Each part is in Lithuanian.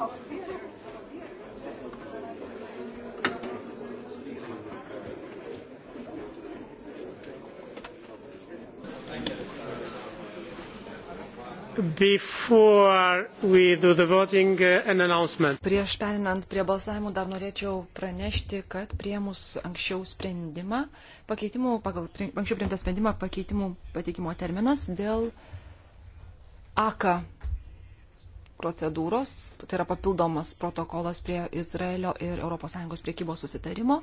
Voting, uh, Prieš perinant prie balsavimų dar norėčiau pranešti, kad prie mūsų anksčiau sprendimą, pakeitimų, pagal anksčiau priimtą sprendimą pakeitimų pateikimo terminas dėl AKA procedūros, tai yra papildomas protokolas prie Izraelio ir ES priekybos susitarimo.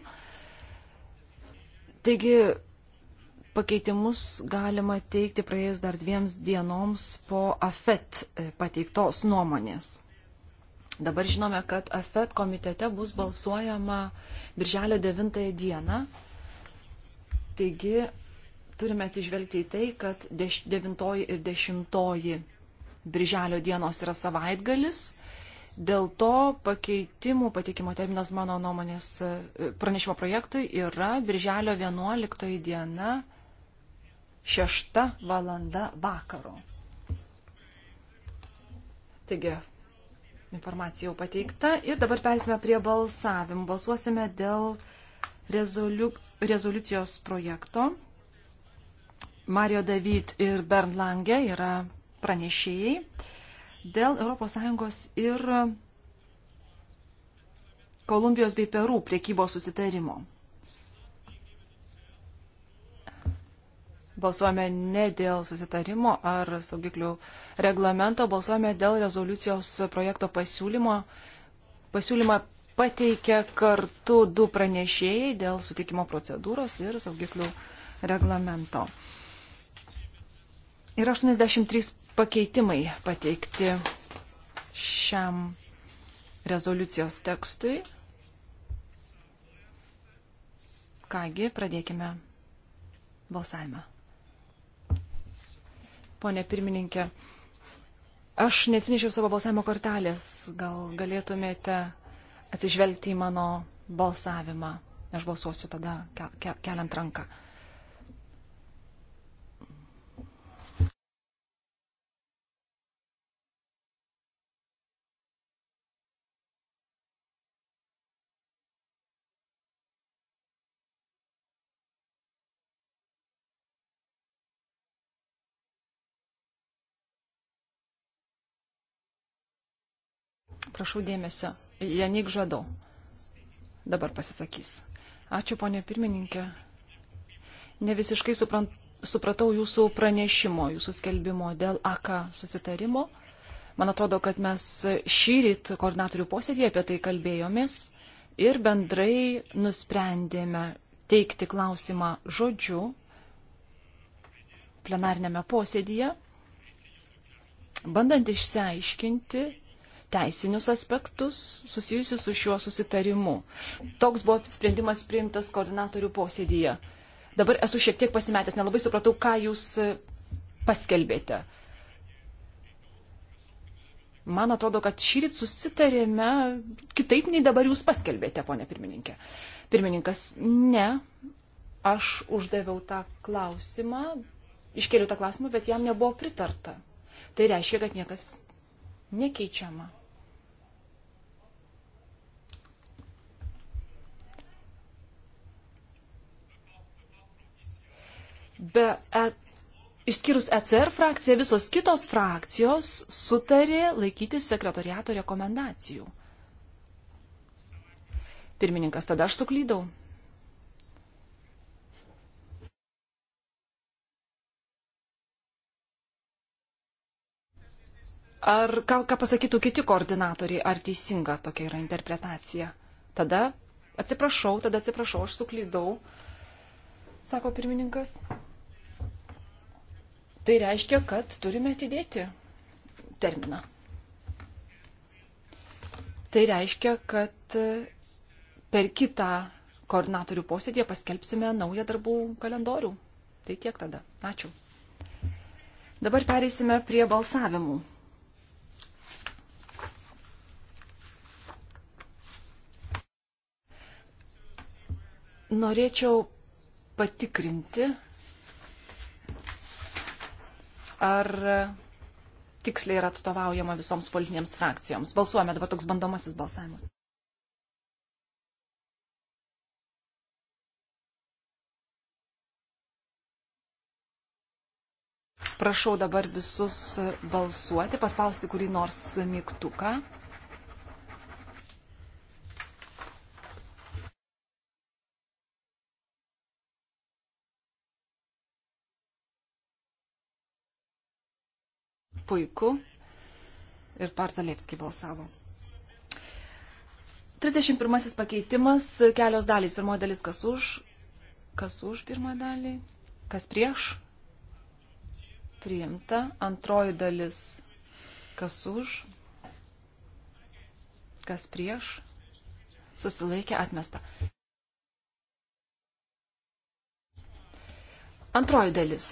Taigi pakeitimus galima teikti praėjus dar dviems dienoms po AFET e, pateiktos nuomonės. Dabar žinome, kad AFET komitete bus balsuojama birželio 9 dieną. Taigi turime atsižvelgti į tai, kad 9 ir 10 birželio dienos yra savaitgalis. Dėl to pakeitimų pateikimo terminas mano nuomonės e, pranešimo projektui yra birželio 11 diena 6 valanda vakaro. Taigi, informacija jau pateikta ir dabar persime prie balsavimų. Balsuosime dėl rezoliuc rezoliucijos projekto. Mario David ir Bernd Lange yra pranešėjai dėl ES ir Kolumbijos bei Perų priekybos susitarimo. Balsuojame ne dėl susitarimo ar saugiklių reglamento, balsuojame dėl rezoliucijos projekto pasiūlymo. Pasiūlymą pateikė kartu du pranešėjai dėl sutikimo procedūros ir saugiklių reglamento. Yra 83 pakeitimai pateikti šiam rezoliucijos tekstui. Kągi, pradėkime balsavimą. Pone pirmininkė, aš neatsinešiau savo balsavimo kortelės. Gal galėtumėte atsižvelgti į mano balsavimą. Aš balsuosiu tada keliant ranką. Prašau dėmesio. Janik Žadau dabar pasisakys. Ačiū, ponė pirmininkė. Ne visiškai suprant, supratau jūsų pranešimo, jūsų skelbimo dėl AK susitarimo. Man atrodo, kad mes šį ryt koordinatorių posėdėje apie tai kalbėjomės ir bendrai nusprendėme teikti klausimą žodžiu plenarnėme posėdėje, bandant išsiaiškinti, teisinius aspektus susijusius su šiuo susitarimu. Toks buvo sprendimas priimtas koordinatorių posėdėje. Dabar esu šiek tiek pasimetęs, nelabai supratau, ką jūs e, paskelbėte. Man atrodo, kad šyrit susitarėme kitaip nei dabar jūs paskelbėte, ponė pirmininkė. Pirmininkas, ne, aš uždaviau tą klausimą, iškėliau tą klausimą, bet jam nebuvo pritarta. Tai reiškia, kad niekas nekeičiama. be e, išskyrus ECR frakciją, visos kitos frakcijos sutarė laikytis sekretoriato rekomendacijų. Pirmininkas, tada aš suklydau. Ar ką, ką pasakytų kiti koordinatoriai, ar teisinga tokia yra interpretacija? Tada atsiprašau, tada atsiprašau, aš suklydau, sako pirmininkas. Tai reiškia, kad turime atidėti terminą. Tai reiškia, kad per kitą koordinatorių posėdį paskelbsime naują darbų kalendorių. Tai tiek tada. Ačiū. Dabar pereisime prie balsavimų. Norėčiau patikrinti ar e, tiksliai yra atstovaujama visoms politinėms frakcijoms. Balsuojame dabar toks bandomasis balsavimas. Prašau dabar visus balsuoti, paspausti kurį nors mygtuką. puiku. Ir Parzalėpski balsavo. 31 pakeitimas, kelios dalys. Pirmoji dalis, kas už, kas už pirmą dalį, kas prieš, priimta. Antroji dalis, kas už, kas prieš, susilaikė atmesta. Antroji dalis.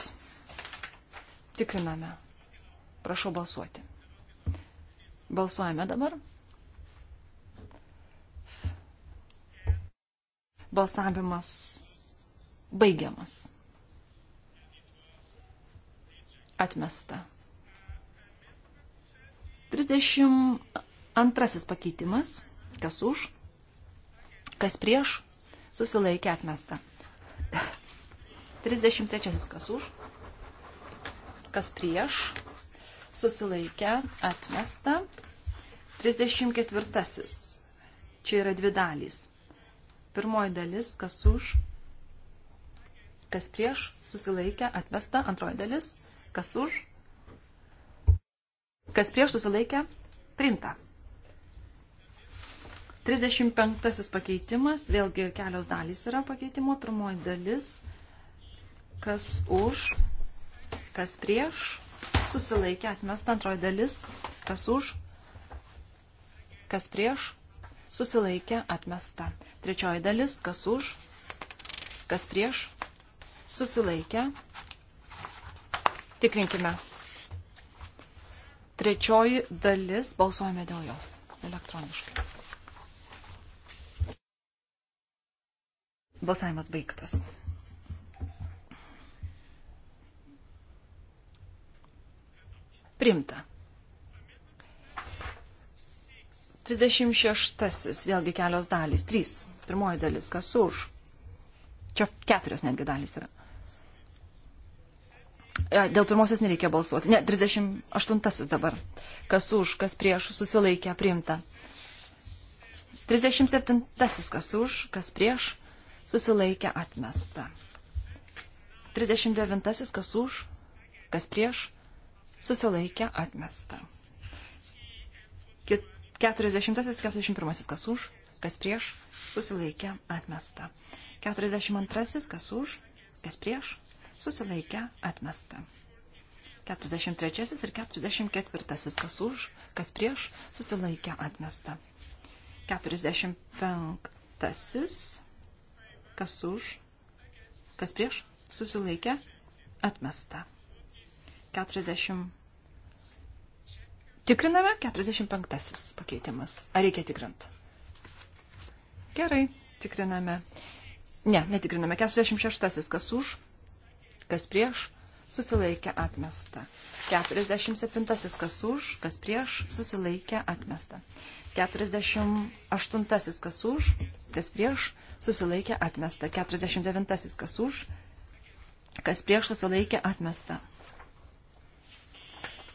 Tikriname. Prašau balsuoti. Balsuojame dabar. Balsavimas baigiamas. Atmesta. 32 pakeitimas. Kas už? Kas prieš? Susilaikė atmesta. 33 kas už? Kas prieš? susilaikę, atmesta. 34. Čia yra dvi dalys. Pirmoji dalis, kas už, kas prieš, susilaikę, atmesta. Antroji dalis, kas už, kas prieš, susilaikę, primta. 35 pakeitimas, vėlgi kelios dalys yra pakeitimo. Pirmoji dalis, kas už, kas prieš, susilaikė atmesta antroji dalis, kas už, kas prieš, susilaikė atmesta. Trečioji dalis, kas už, kas prieš, susilaikė. Tikrinkime. Trečioji dalis, balsuojame dėl jos elektroniškai. Balsavimas baigtas. Primta. 36. Vėlgi kelios dalys. 3. Pirmoji dalis. Kas už? Čia keturios netgi dalys yra. E, dėl pirmosios nereikia balsuoti. Ne, 38 dabar. Kas už, kas prieš, susilaikė, priimta. 37 kas už, kas prieš, susilaikė, atmesta. 39 kas už, kas prieš, susilaikė atmesta. 40 ir 41 kas už, kas prieš, susilaikė atmesta. 42 kas už, kas prieš, susilaikė atmesta. 43 ir 44 kas už, kas prieš, susilaikė atmesta. 45 kas už, kas prieš, susilaikė atmesta. 40. Tikriname 45 pakeitimas. Ar reikia tikrint? Gerai, tikriname. Ne, netikriname. 46. Kas už, kas prieš, susilaikė atmesta. 47. Kas už, kas prieš, susilaikė atmesta. 48. Kas už, kas prieš, susilaikė atmesta. 49. Kas už, kas prieš, susilaikė atmesta.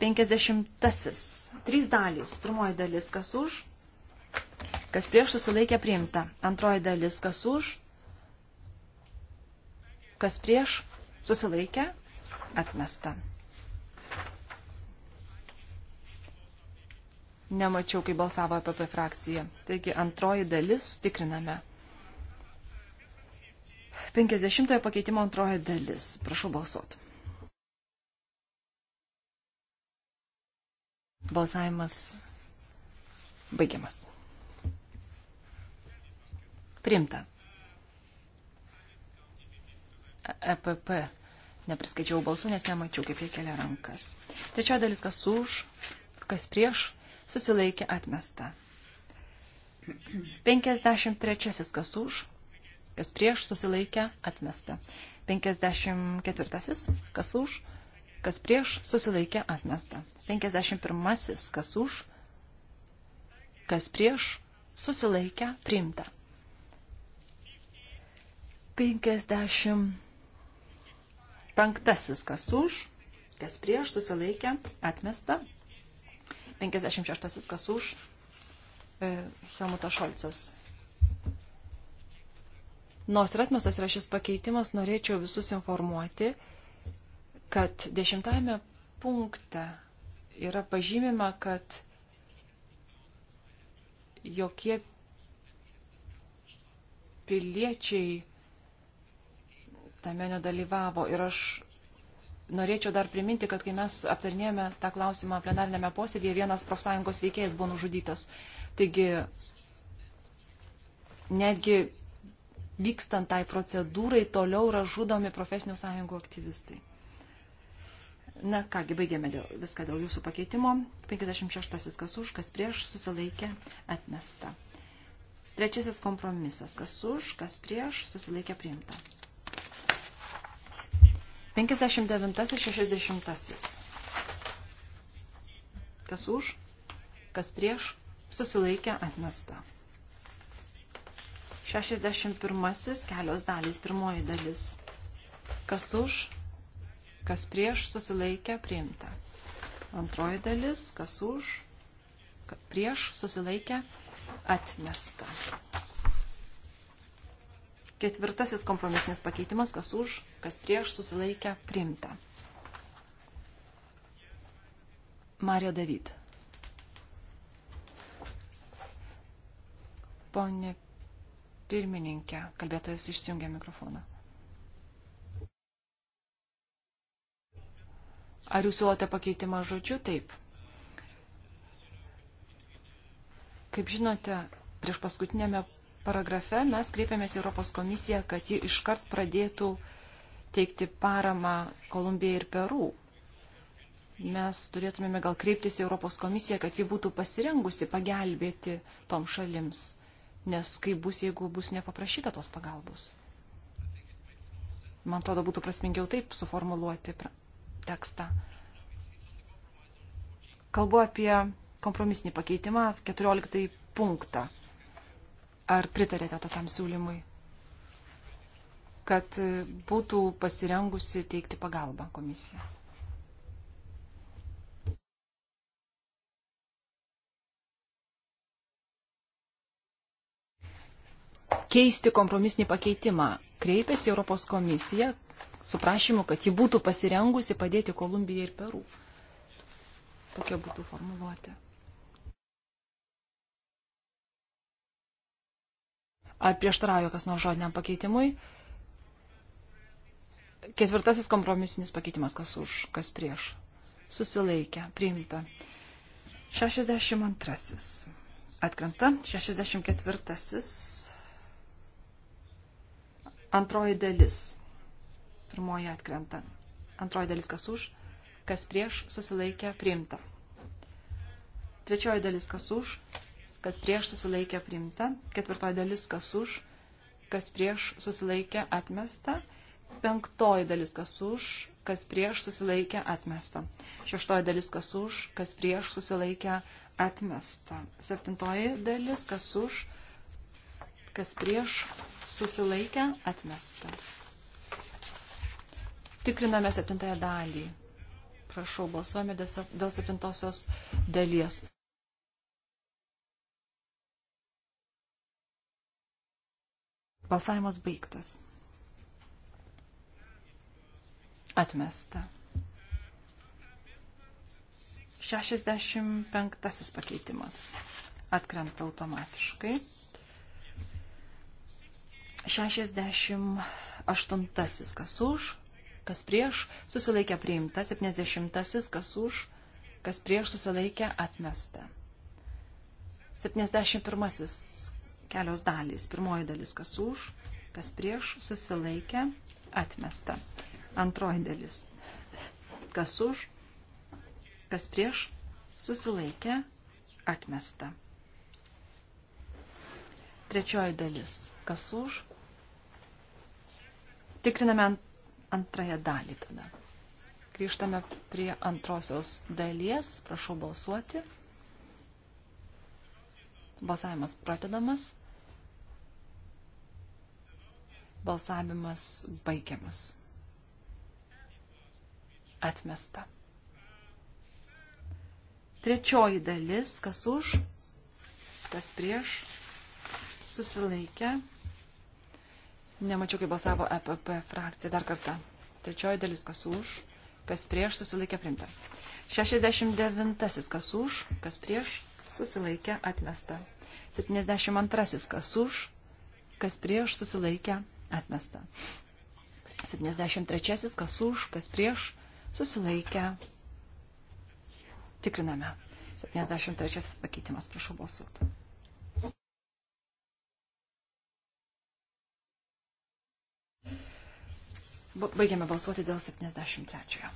50. Trys dalys. Pirmoji dalis, kas už, kas prieš susilaikė priimta. Antroji dalis, kas už, kas prieš susilaikė atmesta. Nemačiau, kai balsavo APP e frakcija. Taigi antroji dalis tikriname. 50 pakeitimo antroji dalis. Prašau balsuoti. Balsavimas baigiamas. Primta. EPP. Nepriskaičiau balsų, nes nemačiau, kaip jie kelia rankas. Trečia dalis, kas už, kas prieš, susilaikė atmesta. 53 kas už, kas prieš, susilaikė atmesta. 54 kas už, kas prieš, susilaikė atmesta. 51. Kas už, kas prieš, susilaikė priimta. 55. Kas už, kas prieš, susilaikė atmesta. 56. Kas už, e, Helmutas Šolcas. Nors ir atmestas yra šis pakeitimas, norėčiau visus informuoti, kad dešimtame punkte yra pažymima, kad jokie piliečiai tame nedalyvavo. Ir aš norėčiau dar priminti, kad kai mes aptarnėjome tą klausimą plenarinėme posėdėje, vienas profsąjungos veikėjas buvo nužudytas. Taigi, netgi vykstant tai procedūrai, toliau yra žudomi profesinių sąjungų aktyvistai. Na kągi, baigėme dėl, viską dėl jūsų pakeitimo. 56. kas už, kas prieš, susilaikė, atmesta. Trečiasis kompromisas. Kas už, kas prieš, susilaikė priimta. 59 ir 60. Kas už, kas prieš, susilaikė atmesta. 61. Kelios dalys. Pirmoji dalis. Kas už, kas prieš susilaikė priimta. Antroji dalis, kas už, kas prieš susilaikė atmesta. Ketvirtasis kompromisinis pakeitimas, kas už, kas prieš susilaikė priimta. Mario David. Pone pirmininkė, kalbėtojas išsijungia mikrofoną. Ar jūs siūlote pakeitimą žodžiu? Taip. Kaip žinote, prieš paskutinėme paragrafe mes kreipėmės į Europos komisiją, kad ji iškart pradėtų teikti paramą Kolumbijai ir Peru. Mes turėtumėme gal kreiptis į Europos komisiją, kad ji būtų pasirengusi pagelbėti tom šalims, nes kaip bus, jeigu bus nepaprašyta tos pagalbos. Man atrodo, būtų prasmingiau taip suformuluoti tekstą. Kalbu apie kompromisinį pakeitimą 14 punktą. Ar pritarėte tokiam siūlymui? Kad būtų pasirengusi teikti pagalbą komisija. Keisti kompromisinį pakeitimą. Kreipėsi Europos komisija, su prašymu, kad ji būtų pasirengusi padėti Kolumbijai ir Peru. Tokia būtų formuluotė. Ar prieštarauja kas nors žodiniam pakeitimui? Ketvirtasis kompromisinis pakeitimas, kas už, kas prieš. Susilaikę, priimta. 62. Atkrenta. 64. Antroji dalis Pirmoji atkrenta. Antroji dalis kas už, kas prieš susilaikė priimta. Trečioji dalis kas už, kas prieš susilaikė priimta. Ketvirtoji dalis kas už, kas prieš susilaikė atmesta. Penktoji dalis kas už, kas prieš susilaikė atmesta. Šeštoji dalis kas už, kas prieš susilaikė atmesta. Septintoji dalis kas už, kas prieš susilaikė atmesta. Tikriname septintąją dalį. Prašau, balsuojame dėl septintosios dalies. Balsavimas baigtas. Atmesta. 65 pakeitimas. Atkrenta automatiškai. 68 kas už, kas prieš, susilaikė priimta, 70, kas už, kas prieš, susilaikė atmesta. 71 kelios dalys, pirmoji dalis, kas už, kas prieš, susilaikė atmesta. Antroji dalis, kas už, kas prieš, susilaikė atmesta. Trečioji dalis, kas už, Tikriname antrąją dalį tada. Grįžtame prie antrosios dalies. Prašau balsuoti. Balsavimas pradedamas. Balsavimas baigiamas. Atmesta. Trečioji dalis, kas už, kas prieš, susilaikę, Nemačiau, kaip balsavo EPP frakcija. Dar kartą. Trečioji dalis, kas už, kas prieš, susilaikė primta. 69 kas už, kas prieš, susilaikė atmesta. 72 kas už, kas prieš, susilaikė atmesta. 73 kas už, kas prieš, susilaikė. Tikriname. 73 pakeitimas, prašau balsuoti. Baigiame balsuoti dėl 73.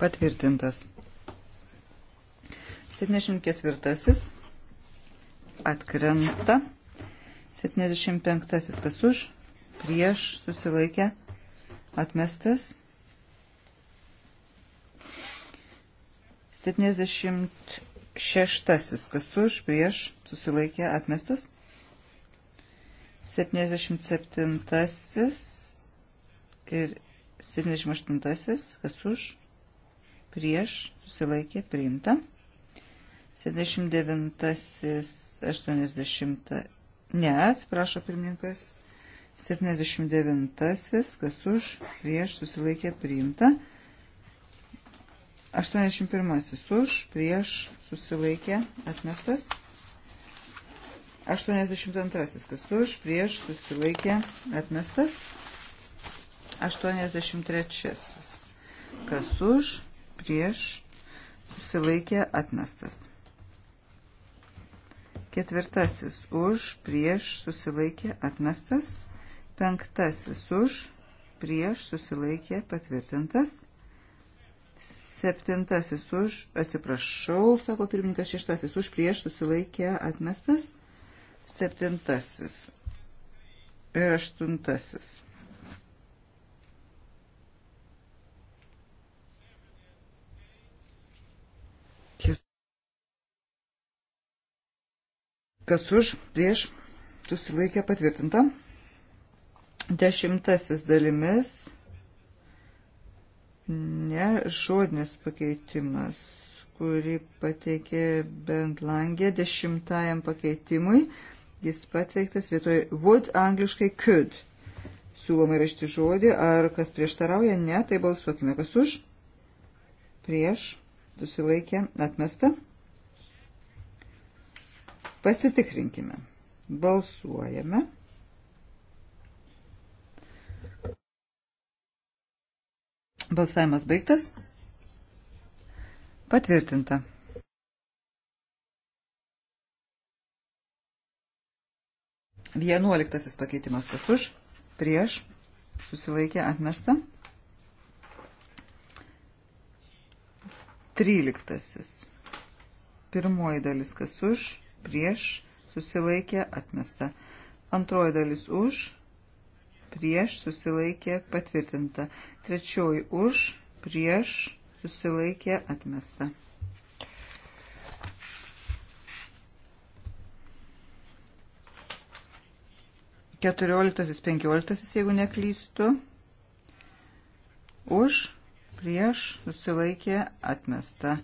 Patvirtintas. 74. Atkrenta. 75. Kas už? Prieš susilaikė. Atmestas. 76. Kas už? Prieš susilaikė. Atmestas. 77 ir 78, kas už, prieš, susilaikė, priimta. 79, 80, ne, atsiprašo pirmininkas. 79, kas už, prieš, susilaikė, priimta. 81 už, prieš, susilaikė, atmestas. 82. Kas už, prieš, susilaikė, atmestas. 83. Kas už, prieš, susilaikė, atmestas. Ketvirtasis už, prieš, susilaikė, atmestas. Penktasis už, prieš, susilaikė, patvirtintas. Septintasis už, atsiprašau, sako pirmininkas, šeštasis už, prieš, susilaikė, atmestas septintasis ir e, aštuntasis. Kas už, prieš, susilaikė patvirtinta. Dešimtasis dalimis, ne žodinis pakeitimas, kurį pateikė Bent Langė dešimtajam pakeitimui jis pateiktas vietoj would angliškai could. Siūloma įrašti žodį, ar kas prieštarauja, ne, tai balsuokime, kas už, prieš, susilaikė, atmesta. Pasitikrinkime. Balsuojame. Balsavimas baigtas. Patvirtinta. Vienuoliktasis pakeitimas kas už, prieš, susilaikė atmesta. Tryliktasis. Pirmoji dalis kas už, prieš, susilaikė atmesta. Antroji dalis už, prieš, susilaikė patvirtinta. Trečioji už, prieš, susilaikė atmesta. 14-15, jeigu neklystu. Už, prieš, susilaikė, atmesta.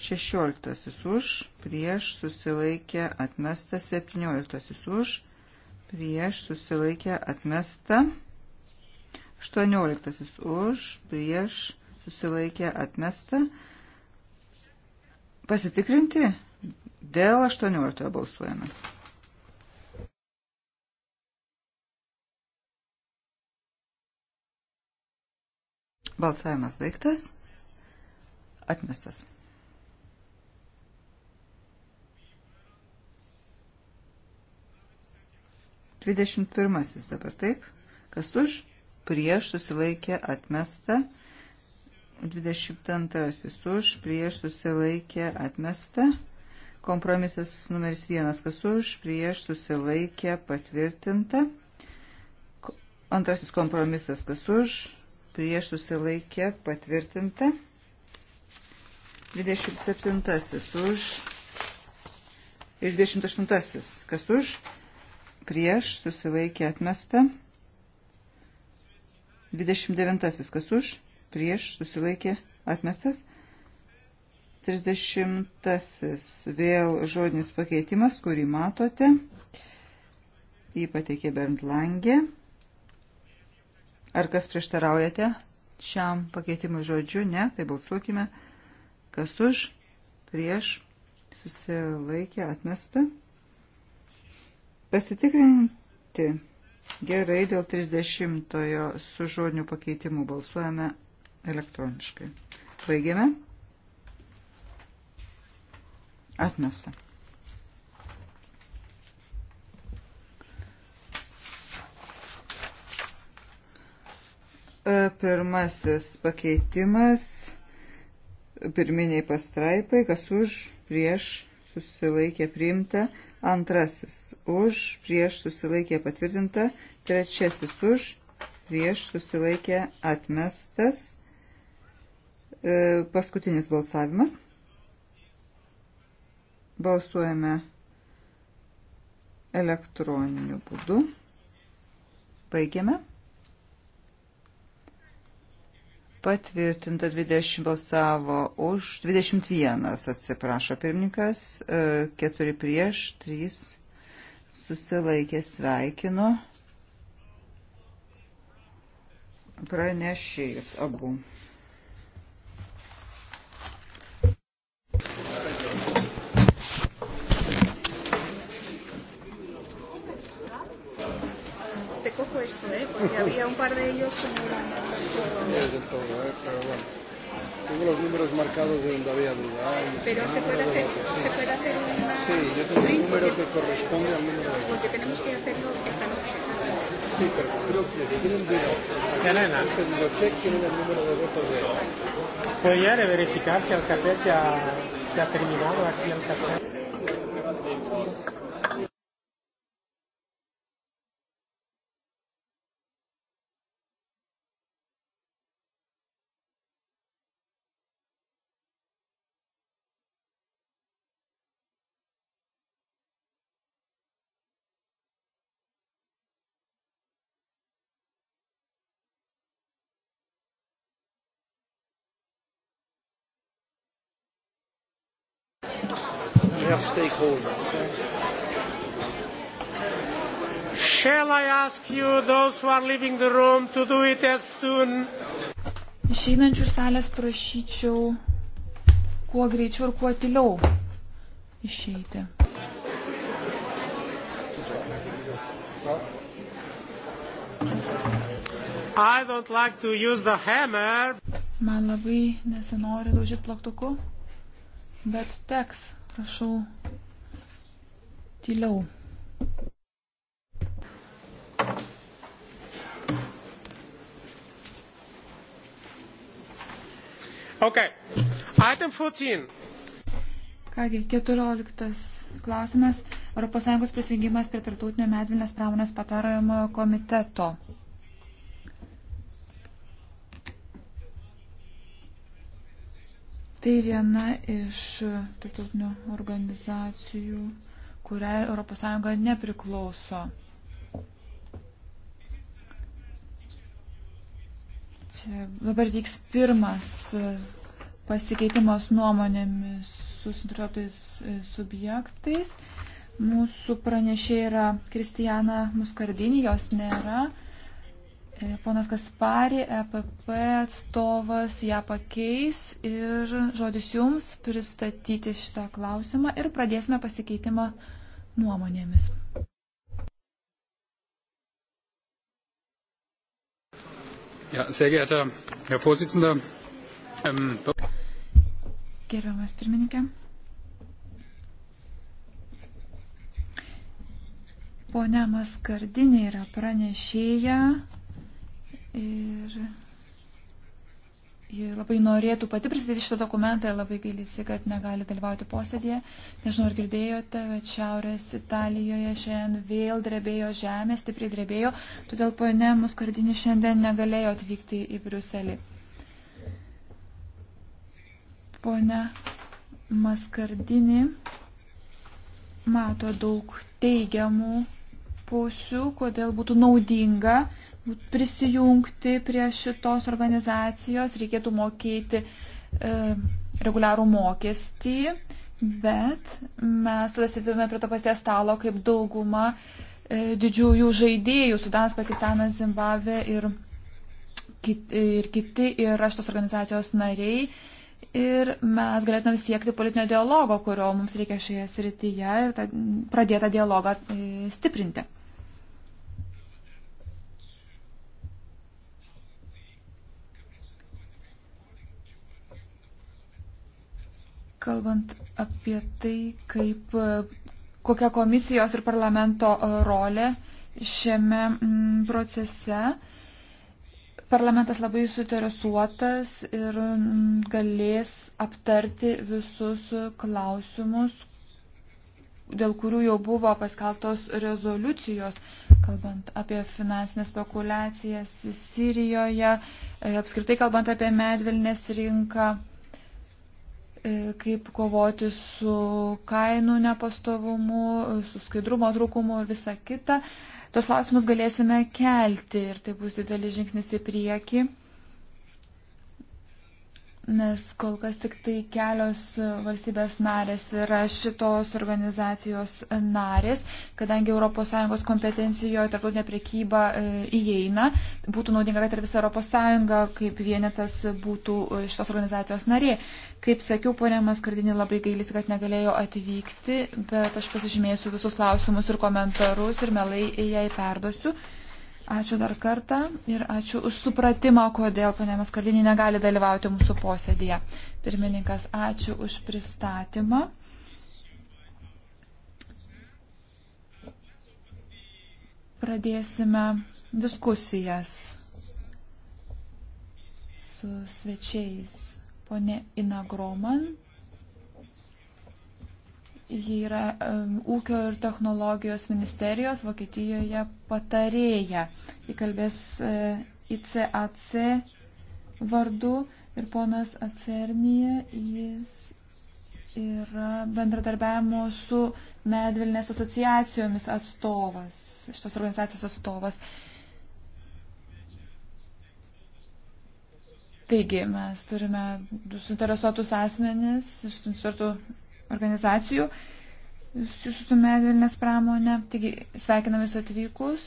16 už, prieš, susilaikė, atmesta. 17 už, prieš, susilaikė, atmesta. 18 už, prieš, susilaikė, atmesta. Pasitikrinti dėl 18 balsuojame. Balsavimas baigtas. Atmestas. Dvidešimt pirmasis dabar taip. Kas už? Prieš susilaikė atmesta. Dvidešimt antrasis už. Prieš susilaikė atmesta. Kompromisas numeris vienas. Kas už? Prieš susilaikė patvirtinta. Antrasis kompromisas. Kas už? prieš susilaikė patvirtinta. 27 už ir 28 kas už prieš susilaikė atmesta. 29 kas už prieš susilaikė atmestas. 30 vėl žodinis pakeitimas, kurį matote. Jį pateikė Bernd Langė. Ar kas prieštaraujate šiam pakeitimui žodžiu? Ne, tai balsuokime. Kas už, prieš, susilaikė, atmesta. Pasitikrinti. Gerai, dėl 30-ojo su žodiniu pakeitimu balsuojame elektroniškai. Baigiame. Atmesta. E, pirmasis pakeitimas pirminiai pastraipai, kas už, prieš, susilaikė priimta. Antrasis už, prieš, susilaikė patvirtinta. Trečiasis už, prieš, susilaikė atmestas. E, paskutinis balsavimas. Balsuojame elektroniniu būdu. Baigiame. Patvirtinta 20 balsavo už, 21 atsiprašo pirmininkas, 4 e, prieš, 3 susilaikė sveikino pranešėjus abu. esto, ¿eh? porque había un par de ellos que no eran del todo. No ¿eh? pero bueno. Tengo los números marcados de donde había duda. ¿eh? Pero se puede, hacer, se puede hacer una... Sí, yo tengo un número que corresponde al número de... Porque tenemos que hacerlo esta noche. Sí, pero creo que si tienen duda, tienen el pedido check, tienen el número de votos de... Puede verificar si el café se ha, se ha terminado aquí el café. of stakeholders. Shall I ask you, those who are leaving the room, to do it as soon? Išeinančių salės prašyčiau kuo greičiau ir kuo tyliau išeiti. Like Man labai nesinori daužyti plaktuku, bet teks Prašau tyliau. Okay. Item 14. Kągi, 14 klausimas. ES prisijungimas prie tarptautinio medvilnės pramonės patarojimo komiteto. Tai viena iš tarptautinių organizacijų, kuriai ES nepriklauso. Čia dabar vyks pirmas pasikeitimas nuomonėmis susidrotais e, subjektais. Mūsų pranešė yra Kristijana Muskardinė, jos nėra. Ponas Kaspari, EPP atstovas ją pakeis ir žodis jums pristatyti šitą klausimą ir pradėsime pasikeitimą nuomonėmis. Ja, sehr geehrter Herr Vorsitzender, ähm, Gerbiamas pirmininkė. Pone Maskardinė yra pranešėja Ir ji labai norėtų pati pristatyti šitą dokumentą, labai gailisi, kad negali dalyvauti posėdėje. Nežinau, ar girdėjote, bet Šiaurės Italijoje šiandien vėl drebėjo žemė, stipriai drebėjo, todėl ponė Muskardinė šiandien negalėjo atvykti į Briuselį. Pone Maskardinį mato daug teigiamų pusių, kodėl būtų naudinga prisijungti prie šitos organizacijos, reikėtų mokėti e, reguliarų mokestį, bet mes tada sėdėjome prie to paties stalo kaip dauguma e, didžiųjų žaidėjų - Sudanas, Pakistanas, Zimbabvė ir, kit, ir kiti, ir aš tos organizacijos nariai. Ir mes galėtume siekti politinio dialogo, kurio mums reikia šioje srityje ir ta, pradėtą dialogą e, stiprinti. kalbant apie tai, kaip, kokia komisijos ir parlamento e, rolė šiame mm, procese. Parlamentas labai suinteresuotas ir mm, galės aptarti visus klausimus, dėl kurių jau buvo paskeltos rezoliucijos, kalbant apie finansinės spekulacijas Sirijoje, e, apskritai kalbant apie medvilnės rinką E, kaip kovoti su kainų nepastovumu, su skaidrumo trūkumu ir visa kita. Tos klausimus galėsime kelti ir tai bus didelis žingsnis į priekį nes kol kas tik tai kelios valstybės narės yra šitos organizacijos narės, kadangi ES kompetencijoje tarptautinė priekyba e, įeina, būtų naudinga, kad ir visa ES kaip vienetas būtų e, šitos organizacijos narė. Kaip sakiau, ponė Maskardinė labai gailisi, kad negalėjo atvykti, bet aš pasižymėsiu visus klausimus ir komentarus ir melai jai perduosiu. Ačiū dar kartą ir ačiū už supratimą, kodėl ponė Maskardinė negali dalyvauti mūsų posėdėje. Pirmininkas, ačiū už pristatymą. Pradėsime diskusijas su svečiais. Pone Inagroman Ji yra um, ūkio ir technologijos ministerijos Vokietijoje patarėja. Ji kalbės uh, e, ICAC vardu ir ponas Acernija, jis yra bendradarbiavimo su medvilnės asociacijomis atstovas, šitos organizacijos atstovas. Taigi mes turime du suinteresuotus asmenis, suinteresuotų organizacijų susijusių su medvilnės pramonė. Taigi sveikiname su atvykus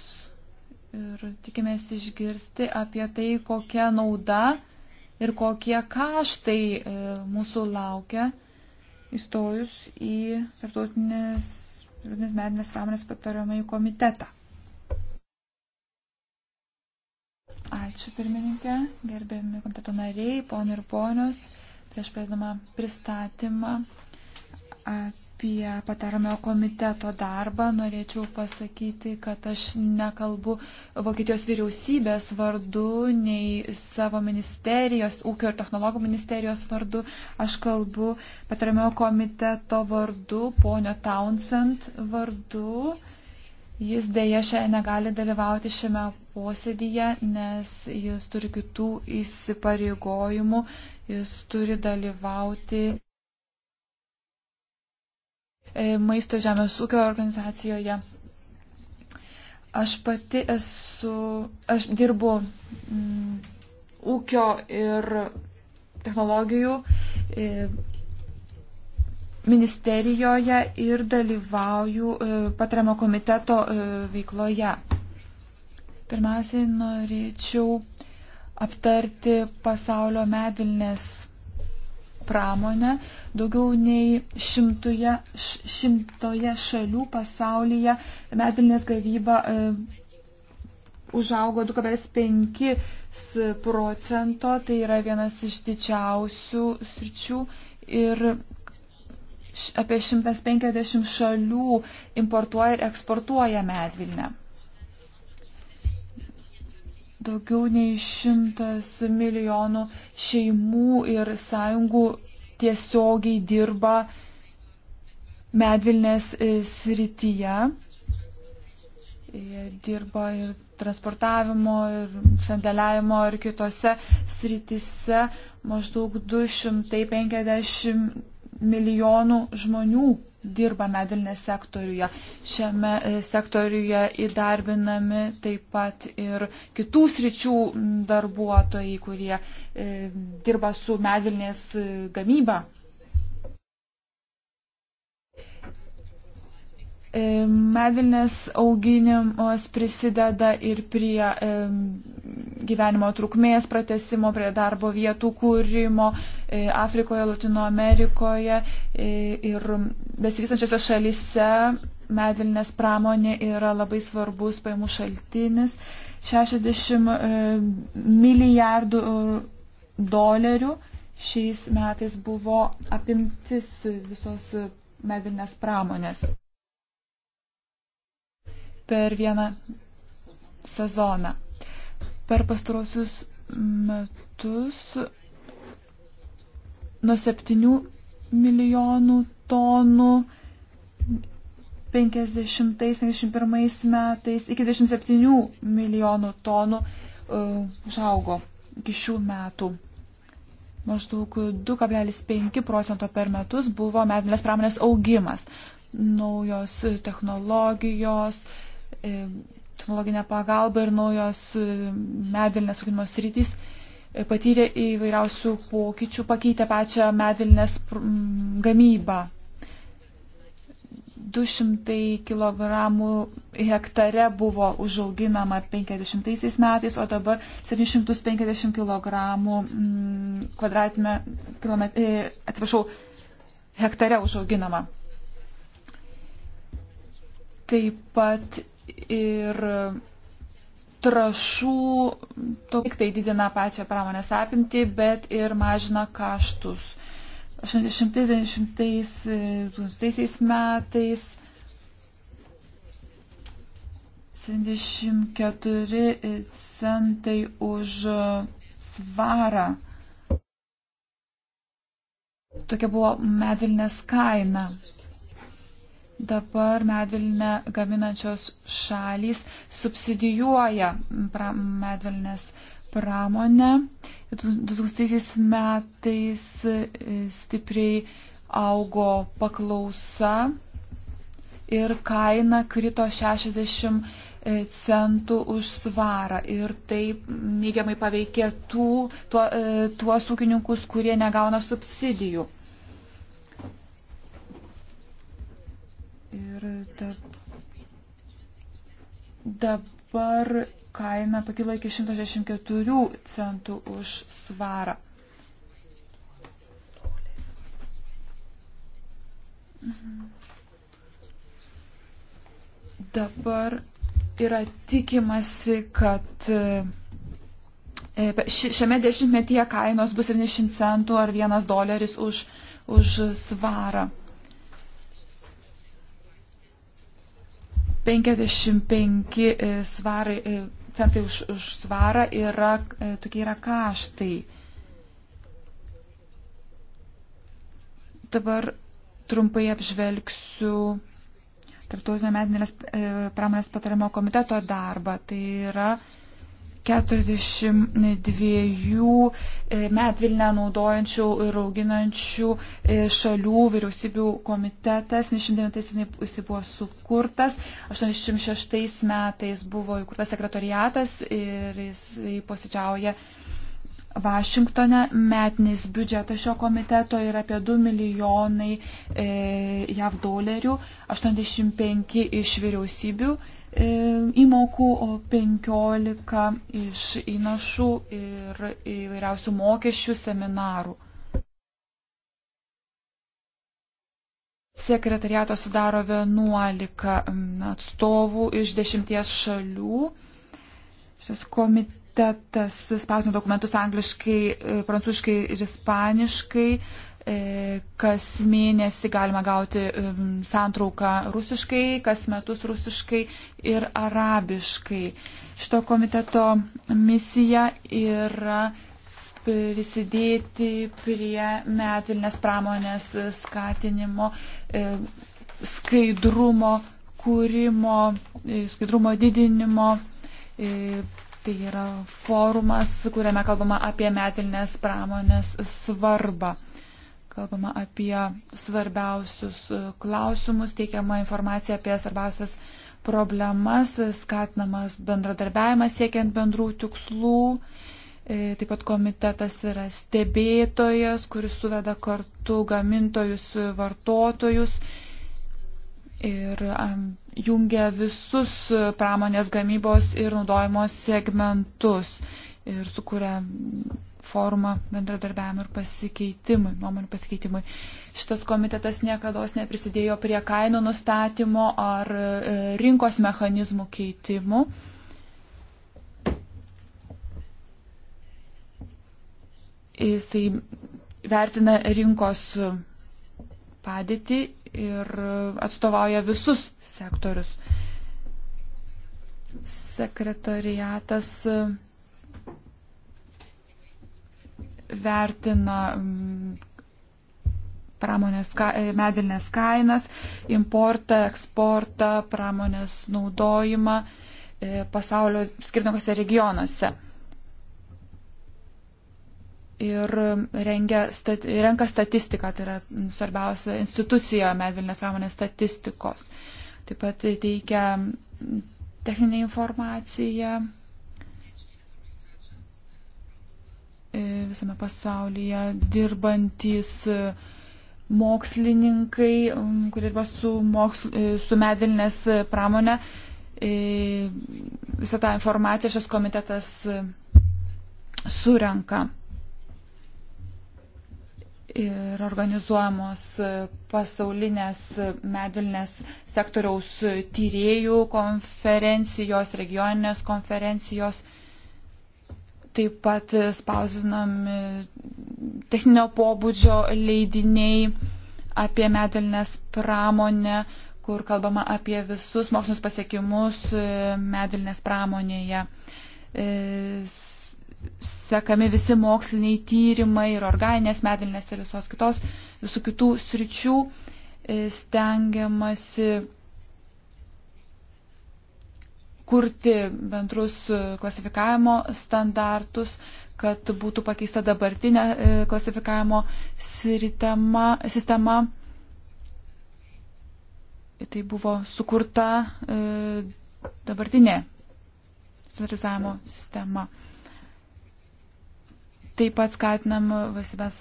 ir tikimės išgirsti apie tai, kokia nauda ir kokie kaštai e, mūsų laukia įstojus į tarptautinės, tarptautinės medinės pramonės patariamą į komitetą. Ačiū pirmininkė, gerbėmi komiteto nariai, ponai ir ponios. Prieš pradedama pristatymą apie patarmio komiteto darbą, norėčiau pasakyti, kad aš nekalbu Vokietijos vyriausybės vardu, nei savo ministerijos, ūkio ir technologų ministerijos vardu. Aš kalbu patarmio komiteto vardu, ponio Townsend vardu. Jis dėja šiandien negali dalyvauti šiame posėdyje, nes jis turi kitų įsipareigojimų, jis turi dalyvauti. E, maisto žemės ūkio organizacijoje. Aš pati esu, aš dirbu m, mm, ūkio ir technologijų e, ministerijoje ir dalyvauju e, patariamo komiteto veikloje. Pirmiausiai norėčiau aptarti pasaulio medvilnės pramonę daugiau nei šimtoje, šimtoje šalių pasaulyje medvilnės gavyba e, užaugo 2,5 procento, tai yra vienas iš didžiausių sričių ir apie 150 šalių importuoja ir eksportuoja medvilnę. Daugiau nei šimtas milijonų šeimų ir sąjungų tiesiogiai dirba medvilnės e, srityje. Jie dirba ir transportavimo, ir sandėliavimo, ir kitose srityse maždaug 250 milijonų žmonių dirba medelinės sektoriuje. Šiame e, sektoriuje įdarbinami taip pat ir kitų sričių darbuotojai, kurie e, dirba su medelinės e, gamyba. E, medvilnės auginimas prisideda ir prie e, gyvenimo trukmės pratesimo, prie darbo vietų kūrimo e, Afrikoje, Latino Amerikoje ir besivystančiose šalise medvilnės pramonė yra labai svarbus paimų šaltinis. 60 milijardų dolerių šiais metais buvo apimtis visos medvilnės pramonės per vieną sezoną. Per pastarosius metus nuo 7 milijonų tonų 50-51 metais iki 27 milijonų tonų e, užaugo iki šių metų. Maždaug 2,5 procento per metus buvo medvilės pramonės augimas. Naujos technologijos, uh, E, technologinė pagalba ir naujos e, medvilnės ūkinimo sritys e, patyrė įvairiausių pokyčių, pakeitė pačią medvilnės gamybą. 200 kg hektare buvo užauginama 50 metais, o dabar 750 kg kvadratime, kilomet, atsiprašau, hektare užauginama. Taip pat ir trašų, tik tai didina pačią pramonės apimtį, bet ir mažina kaštus. 80-90 metais 74 centai už svarą. Tokia buvo medvilnės kaina. Dabar medvilnę gaminančios šalys subsidijuoja pra, medvilnės pramonę. 2000 metais e, stipriai augo paklausa ir kaina krito 60 e, centų už svarą. Ir tai neigiamai paveikė tų, tuo, e, tuos ūkininkus, kurie negauna subsidijų. Ir dabar kaina pakilo iki 164 centų už svarą. Dabar yra tikimasi, kad e, šiame dešimtmetyje kainos bus 70 centų ar 1 doleris už, už svarą. 55 e, svarai, e, centai už, už svarą yra, e, tokie yra kaštai. Dabar trumpai apžvelgsiu Tarptautinio metinės pramonės patarimo komiteto darbą. Tai yra 42 e, metvilnę naudojančių ir auginančių e, šalių vyriausybių komitetas. 1909 jis buvo sukurtas, 86 metais buvo įkurtas sekretariatas ir jis posėdžiauja Vašingtone. Metinis biudžetas šio komiteto yra apie 2 milijonai e, JAV dolerių, 85 iš vyriausybių E, įmokų, o 15 iš įnašų ir įvairiausių mokesčių seminarų. Sekretariato sudaro 11 atstovų iš 10 šalių. Šis komitetas spausdino dokumentus angliškai, e, prancūziškai ir ispaniškai. E, kas mėnesį galima gauti santrauką rusiškai, kas metus rusiškai ir arabiškai. Šito komiteto misija yra prisidėti prie metvilnės pramonės skatinimo, e, skaidrumo kūrimo, e, skaidrumo didinimo. Tai yra forumas, kuriame kalbama apie metvilnės pramonės svarbą kalbama apie svarbiausius e, klausimus, teikiama informacija apie svarbiausias problemas, skatinamas bendradarbiavimas siekiant bendrų tikslų. E, taip pat komitetas yra stebėtojas, kuris suveda kartu gamintojus, vartotojus ir jungia visus pramonės gamybos ir naudojimo segmentus ir sukuria forma bendradarbiavimui ir pasikeitimui, nuomonių pasikeitimui. Šitas komitetas niekada neprisidėjo prie kainų nustatymo ar e, rinkos mechanizmų keitimų. Jisai vertina rinkos padėtį ir atstovauja visus sektorius. Sekretariatas vertina mm, pramonės e, medvilnės kainas, importą, eksportą, pramonės naudojimą e, pasaulio skirtingose regionuose. Ir rengia, stati, renka statistiką, tai yra mm, svarbiausia institucija medvilnės pramonės statistikos. Taip pat teikia mm, techninę informaciją visame pasaulyje dirbantys e, mokslininkai, kurie dirba su, moksl, e, su medvilnės e, pramonė. Visą tą informaciją šis komitetas surenka ir organizuojamos pasaulinės medvilnės sektoriaus tyriejų konferencijos, regioninės konferencijos. Taip pat spausinami techninio pobūdžio leidiniai apie medelinės pramonę, kur kalbama apie visus mokslinius pasiekimus e, medelinės pramonėje. E, sekami visi moksliniai tyrimai ir organinės medelinės ir visos kitos, visų kitų sričių e, stengiamasi kurti bendrus e, klasifikavimo standartus, kad būtų pakeista dabartinė e, klasifikavimo sritema, sistema. Tai buvo sukurta e, dabartinė standartizavimo sistema. Taip pat skatinam valstybės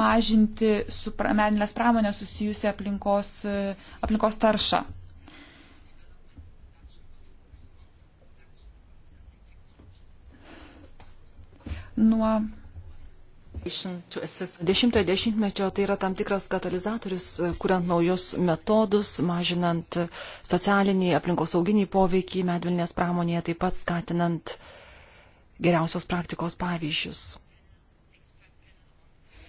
mažinti su meninės pramonės susijusią aplinkos, aplinkos taršą. nuo 10-ojo dešimtmečio tai yra tam tikras katalizatorius, e, kuriant naujus metodus, mažinant socialinį aplinkosauginį poveikį medvilnės pramonėje, taip pat skatinant geriausios praktikos pavyzdžius.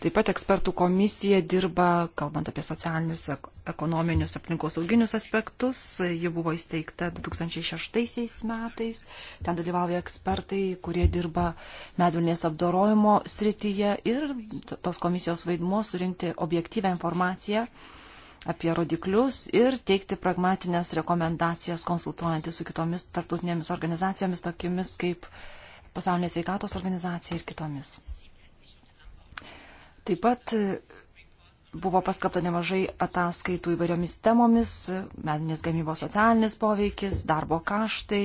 Taip pat ekspertų komisija dirba, kalbant apie socialinius, ekonominius, aplinkosauginius aspektus. Ji buvo įsteigta 2006 metais. Ten dalyvauja ekspertai, kurie dirba medvilnės apdorojimo srityje ir tos komisijos vaidmuo surinkti objektyvę informaciją apie rodiklius ir teikti pragmatinės rekomendacijas konsultuojantys su kitomis tarptautinėmis organizacijomis, tokiamis kaip Pasaulinė sveikatos organizacija ir kitomis. Taip pat buvo paskapta nemažai ataskaitų įvairiomis temomis - medvinės gamybos socialinis poveikis, darbo kaštai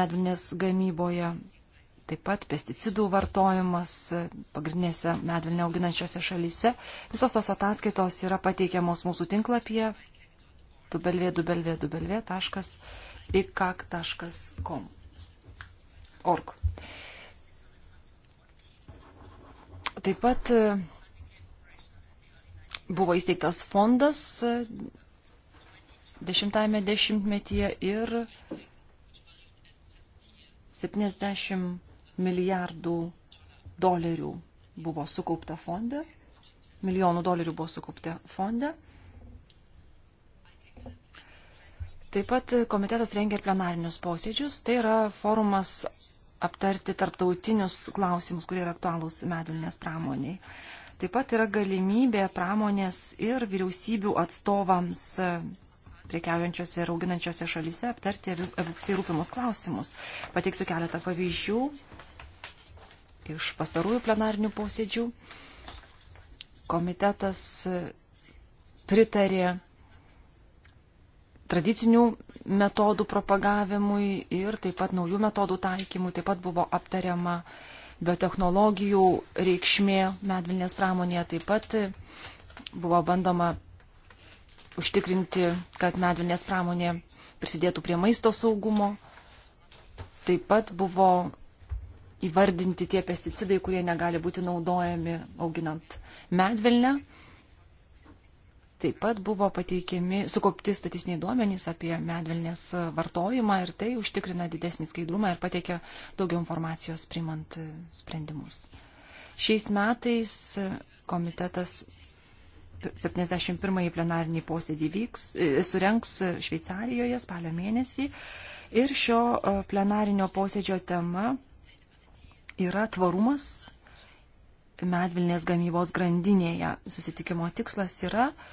medvinės gamyboje, taip pat pesticidų vartojimas pagrindinėse medvilnę auginančiose šalyse. Visos tos ataskaitos yra pateikiamos mūsų tinklapyje dubelvė.dubelvė.dubelvė.ikak.com. Org. Taip pat e, buvo įsteigtas fondas e, dešimtajame dešimtmetyje ir 70 milijardų dolerių buvo sukaupta fonde, milijonų dolerių buvo sukaupta fonde. Taip pat komitetas rengia ir plenarinius posėdžius. Tai yra forumas aptarti tarptautinius klausimus, kurie yra aktualūs medvilnės pramoniai. Taip pat yra galimybė pramonės ir vyriausybių atstovams e, priekiaujančiose ir auginančiose šalyse aptarti abipusiai rūpimus klausimus. Pateiksiu keletą pavyzdžių iš pastarųjų plenarinių posėdžių. Komitetas e, pritarė tradicinių metodų propagavimui ir taip pat naujų metodų taikymui. Taip pat buvo aptariama biotehnologijų reikšmė medvilnės pramonėje. Taip pat buvo bandoma užtikrinti, kad medvilnės pramonė prisidėtų prie maisto saugumo. Taip pat buvo įvardinti tie pesticidai, kurie negali būti naudojami auginant medvilnę. Taip pat buvo pateikiami sukaupti statistiniai duomenys apie medvilnės vartojimą ir tai užtikrina didesnį skaidrumą ir pateikia daugiau informacijos priimant sprendimus. Šiais metais komitetas 71-ąjį plenarinį posėdį vyks, e, surenks Šveicarijoje spalio mėnesį ir šio e, plenarinio posėdžio tema yra tvarumas medvilnės gamybos grandinėje. Susitikimo tikslas yra uh,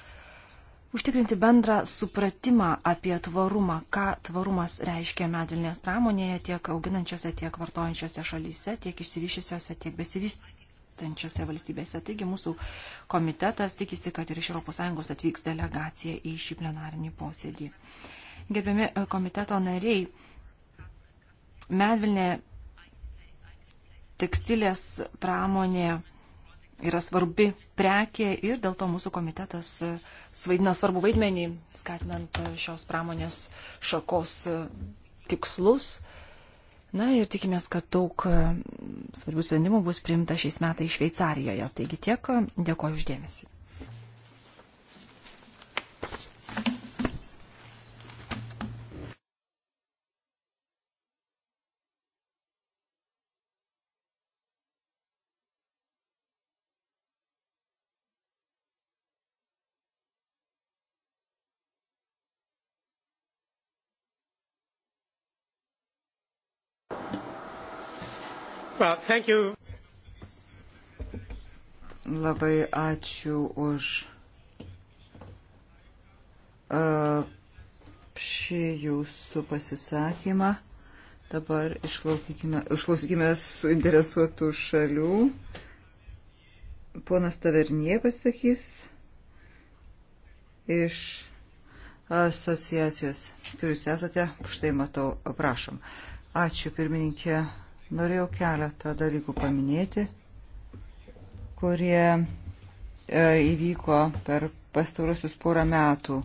užtikrinti bendrą supratimą apie tvarumą, ką tvarumas reiškia medvilnės pramonėje tiek auginančiose, tiek vartojančiose šalyse, tiek išsivyšiusiose, tiek besivystančiose valstybėse. Taigi mūsų komitetas tikisi, kad ir iš ES atvyks delegacija į šį plenarinį posėdį. Gerbiami e, komiteto nariai, medvilnė tekstilės pramonė yra svarbi prekė ir dėl to mūsų komitetas e, svaidina svarbu vaidmenį, skatinant e, šios pramonės šakos e, tikslus. Na ir tikimės, kad daug svarbių sprendimų bus priimta šiais metais Šveicarijoje. Taigi tiek, dėkoju uždėmesi. Well, thank you. Labai ačiū už uh, šį jūsų pasisakymą. Dabar išklausykime suinteresuotų šalių. Ponas Tavernie pasakys iš asociacijos, kur jūs esate, štai matau, prašom. Ačiū pirmininkė Norėjau keletą dalykų paminėti, kurie e, įvyko per pastarosius porą metų.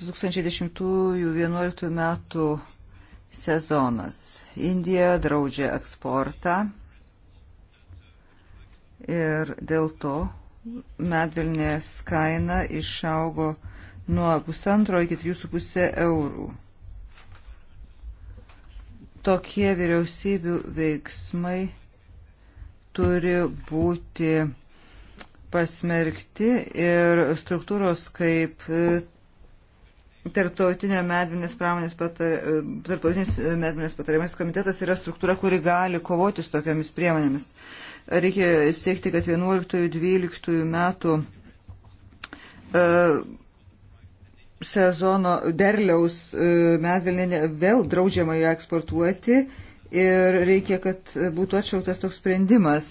2010-2011 metų sezonas. Indija draudžia eksportą ir dėl to medvilnės kaina išaugo nuo pusantro iki 3,5 eurų. Tokie vyriausybių veiksmai turi būti pasmerkti ir struktūros kaip e, Tarptautinio medvinės pramonės patar... E, tarptautinis medvinės patarimas komitetas yra struktūra, kuri gali kovoti su tokiamis priemonėmis. Reikia siekti, kad 11-12 metų uh, sezono derliaus e, medvilnė vėl draudžiama ją eksportuoti ir reikia, kad būtų atšauktas toks sprendimas.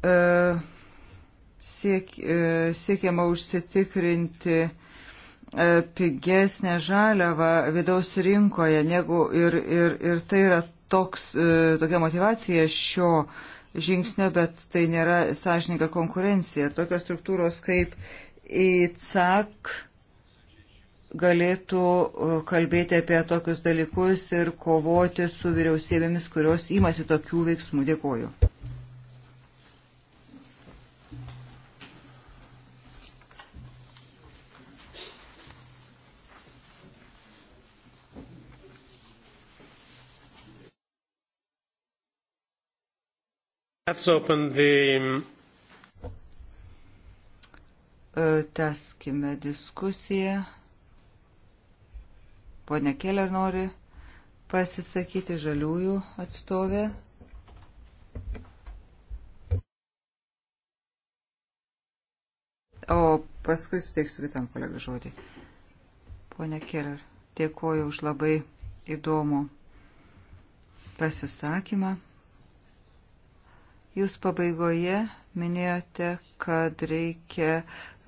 E, siek, e, siekiama užsitikrinti pigesnę žaliavą vidaus rinkoje, negu ir, ir, ir tai yra toks, tokia motivacija šio žingsnio, bet tai nėra sąžininga konkurencija. Tokios struktūros kaip ICAC galėtų e, kalbėti apie tokius dalykus ir kovoti su vyriausybėmis, kurios įmasi tokių veiksmų. Dėkuoju. Let's open the E, teskime diskusiją. Pone Keller nori pasisakyti žaliųjų atstovė. O paskui suteiksiu kitam kolegą žodį. Pone Keller, dėkoju už labai įdomų pasisakymą. Jūs pabaigoje minėjote, kad reikia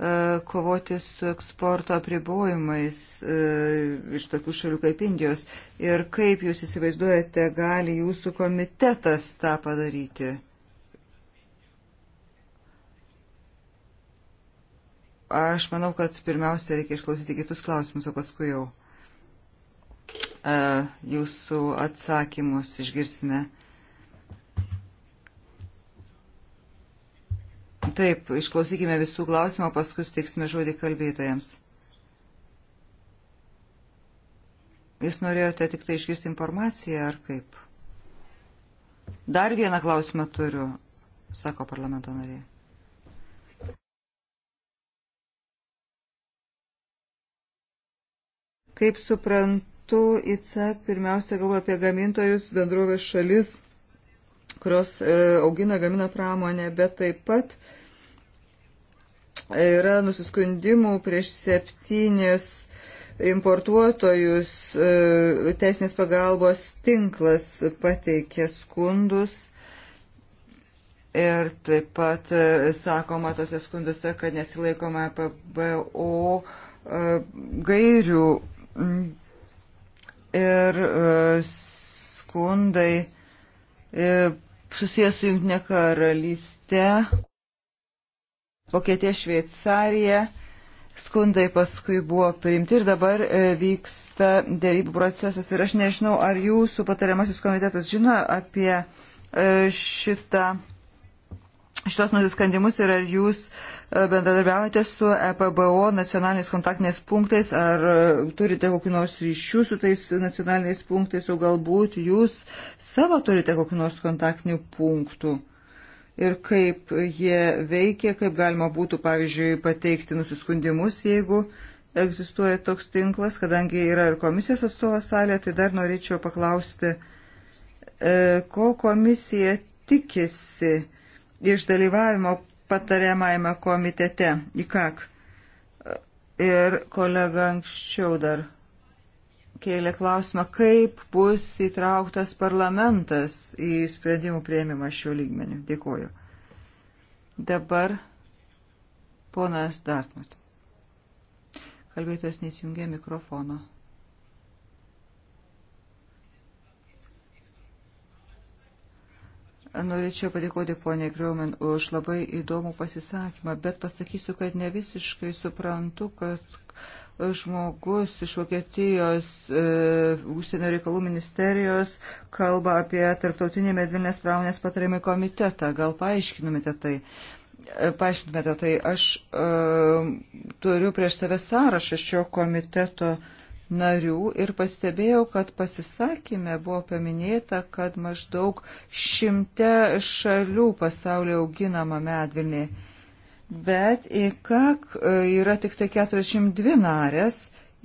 E, kovoti su eksporto apribojimais e, iš tokių šalių kaip Indijos. Ir kaip jūs įsivaizduojate, gali jūsų komitetas tą padaryti? Aš manau, kad pirmiausia reikia išklausyti kitus klausimus, o paskui jau e, jūsų atsakymus išgirsime. Taip, išklausykime visų klausimų, paskui teiksime žodį kalbėtojams. Jūs norėjote tik tai išgirsti informaciją, ar kaip? Dar vieną klausimą turiu, sako parlamento narė. Kaip suprantu, ICAC pirmiausia galvo apie gamintojus bendrovės šalis, kurios e, augina, gamina pramonę, bet taip pat e, Yra nusiskundimų prieš septynis importuotojus, e, teisinės pagalbos tinklas pateikė skundus ir taip pat e, sakoma tose skunduose, kad nesilaikoma PBO e, gairių ir skundai susijęs su Junktinė karalystė. Vokietija, Šveicarija. Skundai paskui buvo priimti ir dabar e, vyksta dėrybų procesas. Ir aš nežinau, ar jūsų patariamasis komitetas žino apie e, šitą, šitos nusiskandimus ir ar jūs e, bendradarbiavote su EPBO nacionaliniais kontaktiniais punktais, ar turite kokiu nors ryšių su tais nacionaliniais punktais, o galbūt jūs savo turite kokiu nors kontaktinių punktų ir kaip jie veikia, kaip galima būtų, pavyzdžiui, pateikti nusiskundimus, jeigu egzistuoja toks tinklas, kadangi yra ir komisijos atstovas salė, tai dar norėčiau paklausti, e, ko komisija tikisi iš dalyvavimo patariamajame komitete, į ką. E, ir kolega anksčiau dar kėlė klausimą, kaip bus įtrauktas parlamentas į sprendimų prieimimą šiuo lygmeniu. Dėkuoju. Dabar ponas Dartmut. Kalbėtojas nesijungė mikrofono. Norėčiau padėkoti poniai Griumen už labai įdomų pasisakymą, bet pasakysiu, kad ne visiškai suprantu, kad žmogus iš Vokietijos e, užsienio e, reikalų ministerijos kalba apie tarptautinį medvilnės pramonės patarimį komitetą. Gal paaiškinumėte tai? E, paaiškinumėte tai, aš e, turiu prieš save sąrašą šio komiteto narių ir pastebėjau, kad pasisakymė buvo paminėta, kad maždaug šimte šalių pasaulyje auginama medvilnė. E, bet IKAK yra tik tai 42 narės,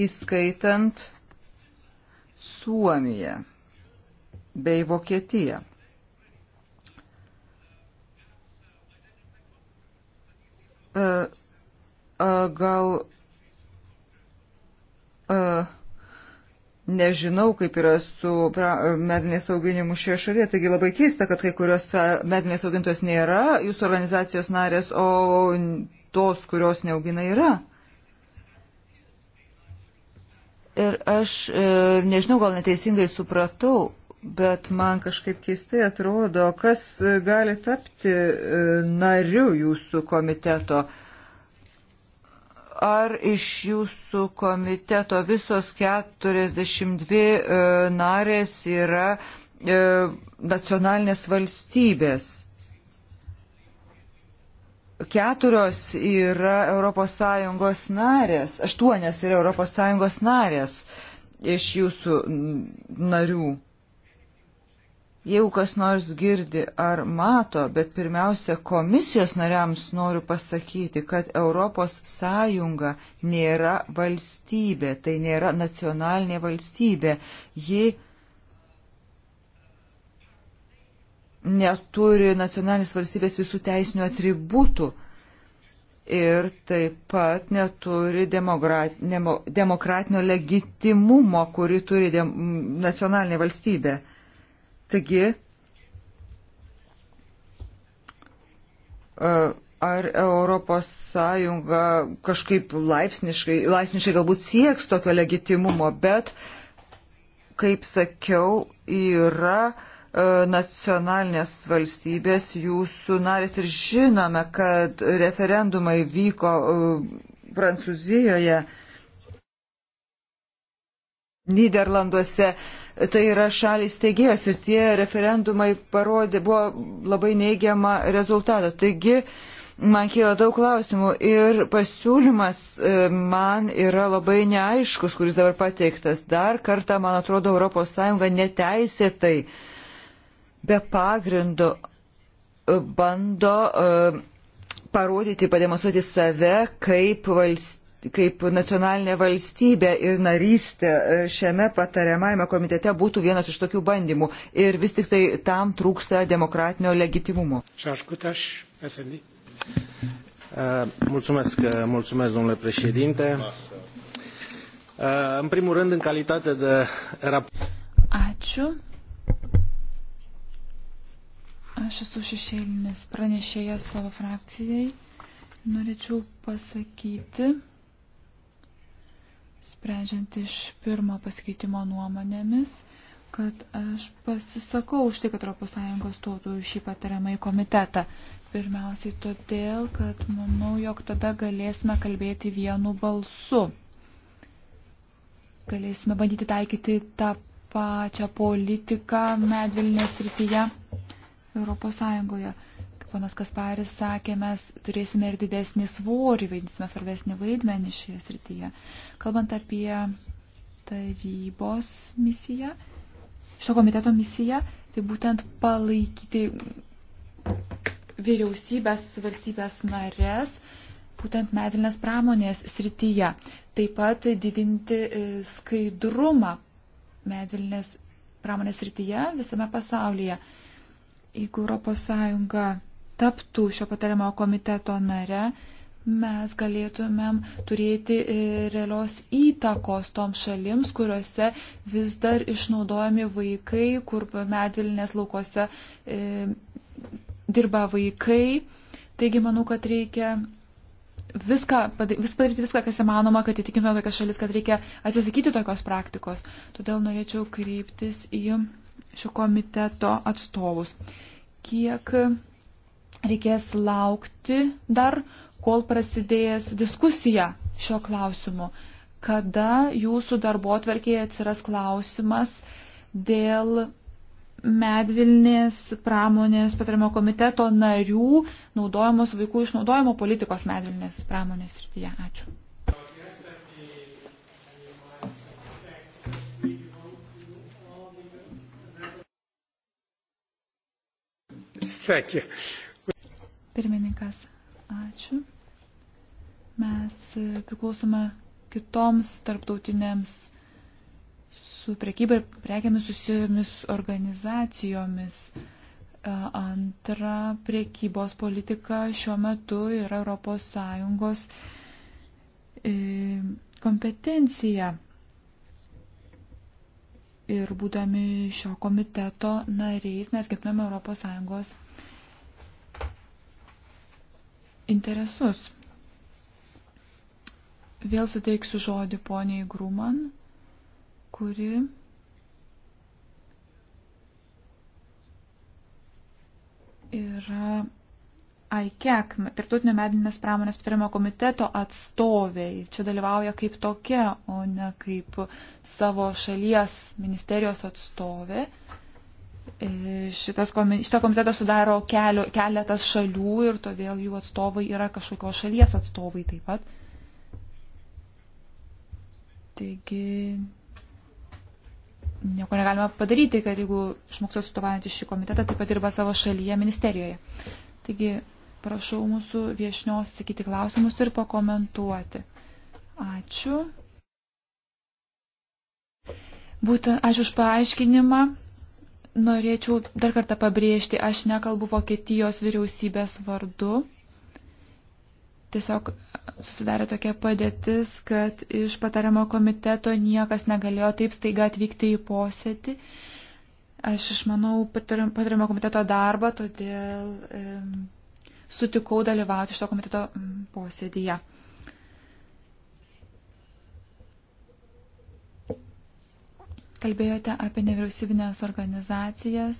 įskaitant Suomiją bei Vokietiją. E, gal uh, nežinau, kaip yra su medinės auginimu šioje šalyje, taigi labai keista, kad kai kurios medinės augintos nėra jūsų organizacijos narės, o tos, kurios neaugina, yra. Ir aš e, nežinau, gal neteisingai supratau, bet man kažkaip keistai atrodo, kas e, gali tapti e, nariu jūsų komiteto ar iš jūsų komiteto visos 42 e, narės yra e, nacionalinės valstybės? Keturios yra ES narės, aštuonios yra ES narės iš jūsų narių jeigu kas nors girdi ar mato, bet pirmiausia, komisijos nariams noriu pasakyti, kad Europos Sąjunga nėra valstybė, tai nėra nacionalinė valstybė. Ji neturi nacionalinės valstybės visų teisinių atributų ir taip pat neturi demokratinio legitimumo, kurį turi nacionalinė valstybė. Taigi, ar Europos Sąjunga kažkaip laipsniškai, laipsniškai galbūt sieks tokio legitimumo, bet, kaip sakiau, yra nacionalinės valstybės jūsų narės ir žinome, kad referendumai vyko Prancūzijoje, Niderlanduose, uh, tai yra šalis teigėjas ir tie referendumai parodė, buvo labai neigiama rezultatą. Taigi, man kyla daug klausimų ir pasiūlymas e, man yra labai neaiškus, kuris dabar pateiktas. Dar kartą, man atrodo, ES neteisėtai be pagrindo e, bando e, parodyti, pademonstruoti save kaip valstybė kaip nacionalinė valstybė ir narystė e, šiame patariamajame komitete būtų vienas iš tokių bandymų. Ir vis tik tai tam trūksta demokratinio legitimumo. Șașcutaș, SND. E, mulțumesc, e, mulțumesc, domnule președinte. În primul rând, în calitate de raport. Ačiū. Aš esu šešėlinis pranešėjas savo frakcijai. Norėčiau pasakyti, sprendžiant iš pirmo pasikeitimo nuomonėmis, kad aš pasisakau už tai, kad ES stotų šį patariamąjį komitetą. Pirmiausiai todėl, kad manau, jog tada galėsime kalbėti vienu balsu. Galėsime bandyti taikyti tą pačią politiką medvilnės rytyje ES ponas Kasparis sakė, mes turėsime ir didesnį svorį, vaidinsime svarbesnį vaidmenį šioje srityje. Kalbant apie tarybos misiją, šio komiteto misiją, tai būtent palaikyti vyriausybės, valstybės narės, būtent medvilnės pramonės srityje. Taip pat didinti e, skaidrumą medvilnės pramonės srityje visame pasaulyje. Jeigu ES taptų šio patariamo komiteto nare, mes galėtumėm turėti e, realios įtakos toms šalims, kuriuose vis dar išnaudojami vaikai, kur medvilnės laukose e, dirba vaikai. Taigi manau, kad reikia viską, vis padaryti viską, kas įmanoma, kad įtikintume tokias šalis, kad reikia atsisakyti tokios praktikos. Todėl norėčiau kreiptis į šio komiteto atstovus. Kiek reikės laukti dar, kol prasidės diskusija šio klausimu. Kada jūsų darbo atverkėje atsiras klausimas dėl medvilnės pramonės patarimo komiteto narių naudojamos vaikų išnaudojimo politikos medvilnės pramonės rytyje. Ačiū. Sveiki. Pirmininkas, ačiū. Mes e, priklausome kitoms tarptautinėms su priekyba ir prekiamis susijomis organizacijomis. E, antra priekybos politika šiuo metu yra ES e, kompetencija. Ir būdami šio komiteto nariais mes gintumėm ES interesus. Vėl suteiksiu žodį poniai Grūman, kuri yra AIKEK, Tarptautinio medinės pramonės patarimo komiteto atstoviai. Čia dalyvauja kaip tokia, o ne kaip savo šalies ministerijos atstovė. Uh, E, šitas komi, šitą komitetą sudaro kelio, keletas šalių ir todėl jų atstovai yra kažkokios šalies atstovai taip pat. Taigi nieko negalima padaryti, kad jeigu žmogus atstovaujantys šį komitetą taip pat dirba savo šalyje ministerijoje. Taigi prašau mūsų viešnios sakyti klausimus ir pakomentuoti. Ačiū. Būtent ačiū už paaiškinimą. Norėčiau dar kartą pabrėžti, aš nekalbu Vokietijos vyriausybės vardu. Tiesiog susidarė tokia padėtis, kad iš patariamo komiteto niekas negalėjo taip staiga atvykti į posėdį. Aš išmanau patariamo komiteto darbą, todėl e, sutikau dalyvauti šito komiteto posėdyje. Kalbėjote apie nevyriausybinės organizacijas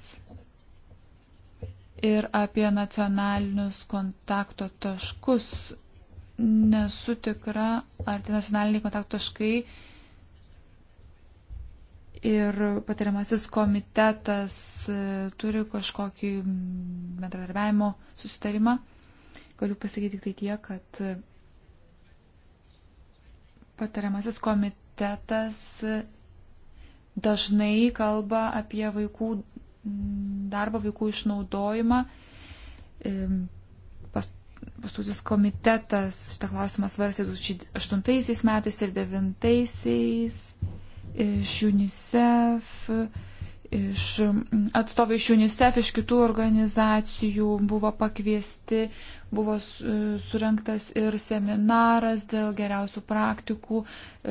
ir apie nacionalinius kontakto taškus. Nesu tikra, ar tie nacionaliniai kontakto taškai ir patariamasis komitetas e, turi kažkokį bendradarbiavimo susitarimą. Galiu pasakyti tik tai tiek, kad e, patariamasis komitetas dažnai kalba apie vaikų mm, darbą, vaikų išnaudojimą. Pastusis komitetas šitą klausimą svarstė 2008 metais ir 2009 iš UNICEF iš atstovai iš UNICEF, iš kitų organizacijų buvo pakviesti, buvo e, surinktas ir seminaras dėl geriausių praktikų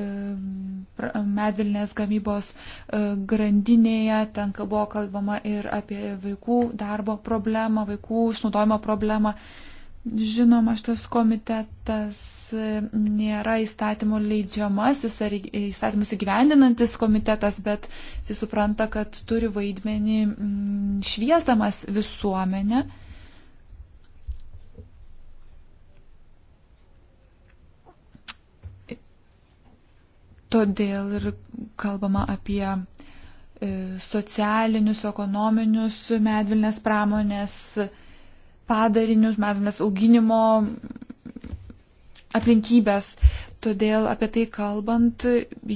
e, medvilnės gamybos e, grandinėje. Ten buvo kalbama ir apie vaikų darbo problemą, vaikų išnaudojimo problemą. Žinoma, šitas komitetas nėra įstatymų leidžiamasis ar įstatymus įgyvendinantis komitetas, bet jis supranta, kad turi vaidmenį mm, šviesdamas visuomenę. Todėl ir kalbama apie e, socialinius, ekonominius medvilnės pramonės padarinius, matomės auginimo aplinkybės. Todėl apie tai kalbant,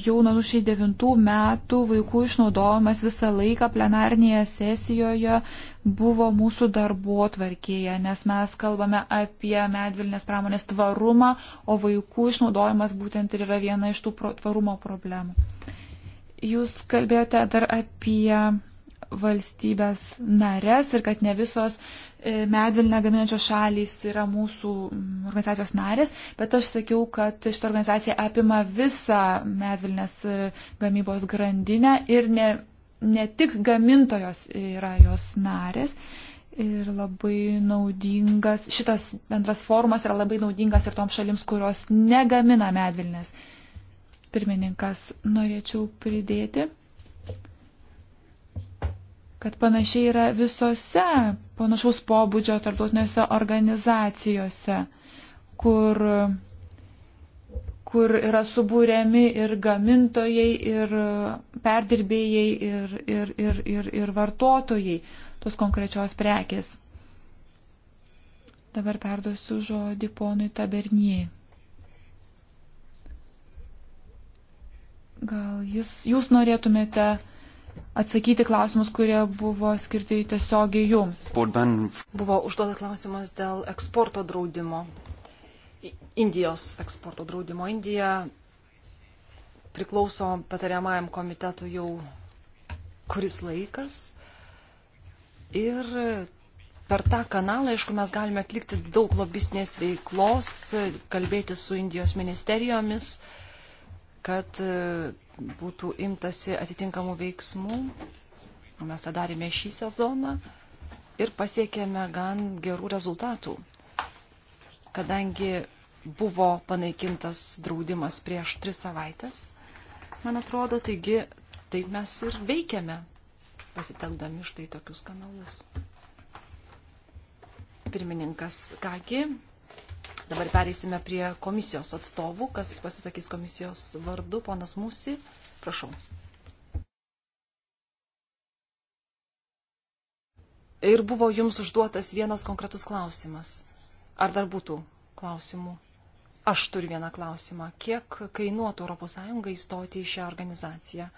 jau nuo 2009 metų vaikų išnaudojimas visą laiką plenarnėje sesijoje buvo mūsų darbo tvarkėje, nes mes kalbame apie medvilnės pramonės tvarumą, o vaikų išnaudojimas būtent ir yra viena iš tų tvarumo problemų. Jūs kalbėjote dar apie valstybės narės ir kad ne visos e, medvilnę gaminančios šalys yra mūsų mm, organizacijos narės, bet aš sakiau, kad šitą organizaciją apima visą medvilnės e, gamybos grandinę ir ne, ne tik gamintojos yra jos narės. Ir labai naudingas, šitas bendras formas yra labai naudingas ir toms šalims, kurios negamina medvilnės. Pirmininkas, norėčiau pridėti kad panašiai yra visose panašaus pobūdžio tarptautinėse organizacijose, kur, kur yra subūrėmi ir gamintojai, ir perdirbėjai, ir, ir, ir, ir, ir vartotojai tos konkrečios prekės. Dabar perduosiu žodį ponui Tabernijai. Gal jis, jūs norėtumėte atsakyti klausimus, kurie buvo skirti tiesiogiai jums. Buvo užduotas klausimas dėl eksporto draudimo. Indijos eksporto draudimo. Indija priklauso patariamajam komitetui jau kuris laikas. Ir per tą kanalą, aišku, mes galime atlikti daug lobistinės veiklos, kalbėti su Indijos ministerijomis, kad būtų imtasi atitinkamų veiksmų. Mes tą darėme šį sezoną ir pasiekėme gan gerų rezultatų, kadangi buvo panaikintas draudimas prieš tris savaitės, man atrodo, taigi taip mes ir veikiame, pasitelkdami štai tokius kanalus pirmininkas. Kągi, Dabar pereisime prie komisijos atstovų. Kas pasisakys komisijos vardu, ponas Mūsi, prašau. Ir buvo jums užduotas vienas konkretus klausimas. Ar dar būtų klausimų? Aš turiu vieną klausimą. Kiek kainuotų ES įstoti į šią organizaciją?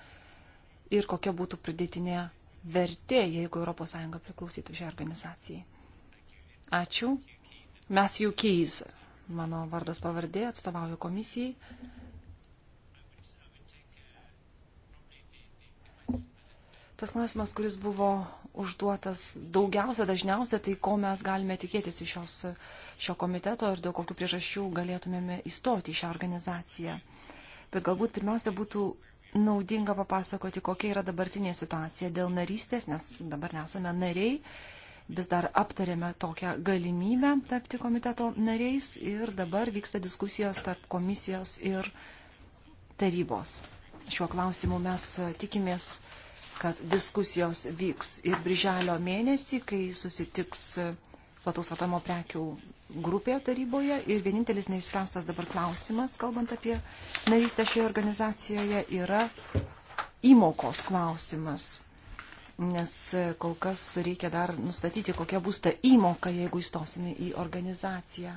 Ir kokia būtų pridėtinė vertė, jeigu ES priklausytų šiai organizacijai? Ačiū. Matthew Keys, mano vardas pavardė, atstovauju komisijai. Tas klausimas, kuris buvo užduotas daugiausia, dažniausia, tai ko mes galime tikėtis iš šios, šio komiteto ir dėl kokių priežasčių galėtumėme įstoti į šią organizaciją. Bet galbūt pirmiausia būtų naudinga papasakoti, kokia yra dabartinė situacija dėl narystės, nes dabar nesame nariai vis dar aptarėme tokią galimybę tapti komiteto nariais ir dabar vyksta diskusijos tarp komisijos ir tarybos. Šiuo klausimu mes e, tikimės, kad diskusijos vyks ir brželio mėnesį, kai susitiks e, plataus vartojimo prekių grupėje taryboje ir vienintelis neišspręstas dabar klausimas, kalbant apie narystę šioje organizacijoje, yra įmokos klausimas nes kol kas reikia dar nustatyti, kokia bus ta įmoka, jeigu įstosime į organizaciją.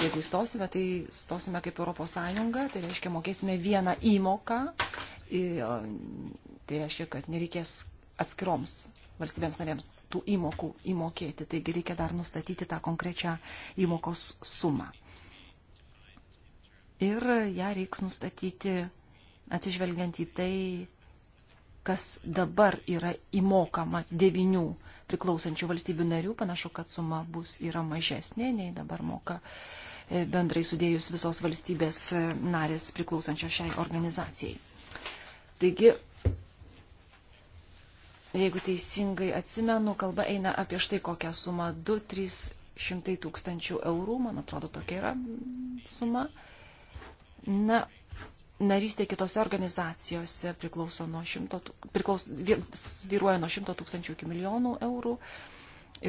Jeigu įstosime, tai stosime kaip Europos Sąjunga, tai reiškia mokėsime vieną įmoką, tai reiškia, kad nereikės atskiroms valstybėms narėms tų įmokų įmokėti, taigi reikia dar nustatyti tą konkrečią įmokos sumą. Ir ją reiks nustatyti atsižvelgiant į tai, kas dabar yra įmokama devinių priklausančių valstybių narių, panašu, kad suma bus yra mažesnė, nei dabar moka e, bendrai sudėjus visos valstybės e, narės priklausančios šiai organizacijai. Taigi, jeigu teisingai atsimenu, kalba eina apie štai kokią sumą 2-300 tūkstančių eurų, man atrodo, tokia yra suma. Na, narystė kitose organizacijose priklauso nuo šimto, priklaus, svyruoja nuo šimto tūkstančių iki milijonų eurų.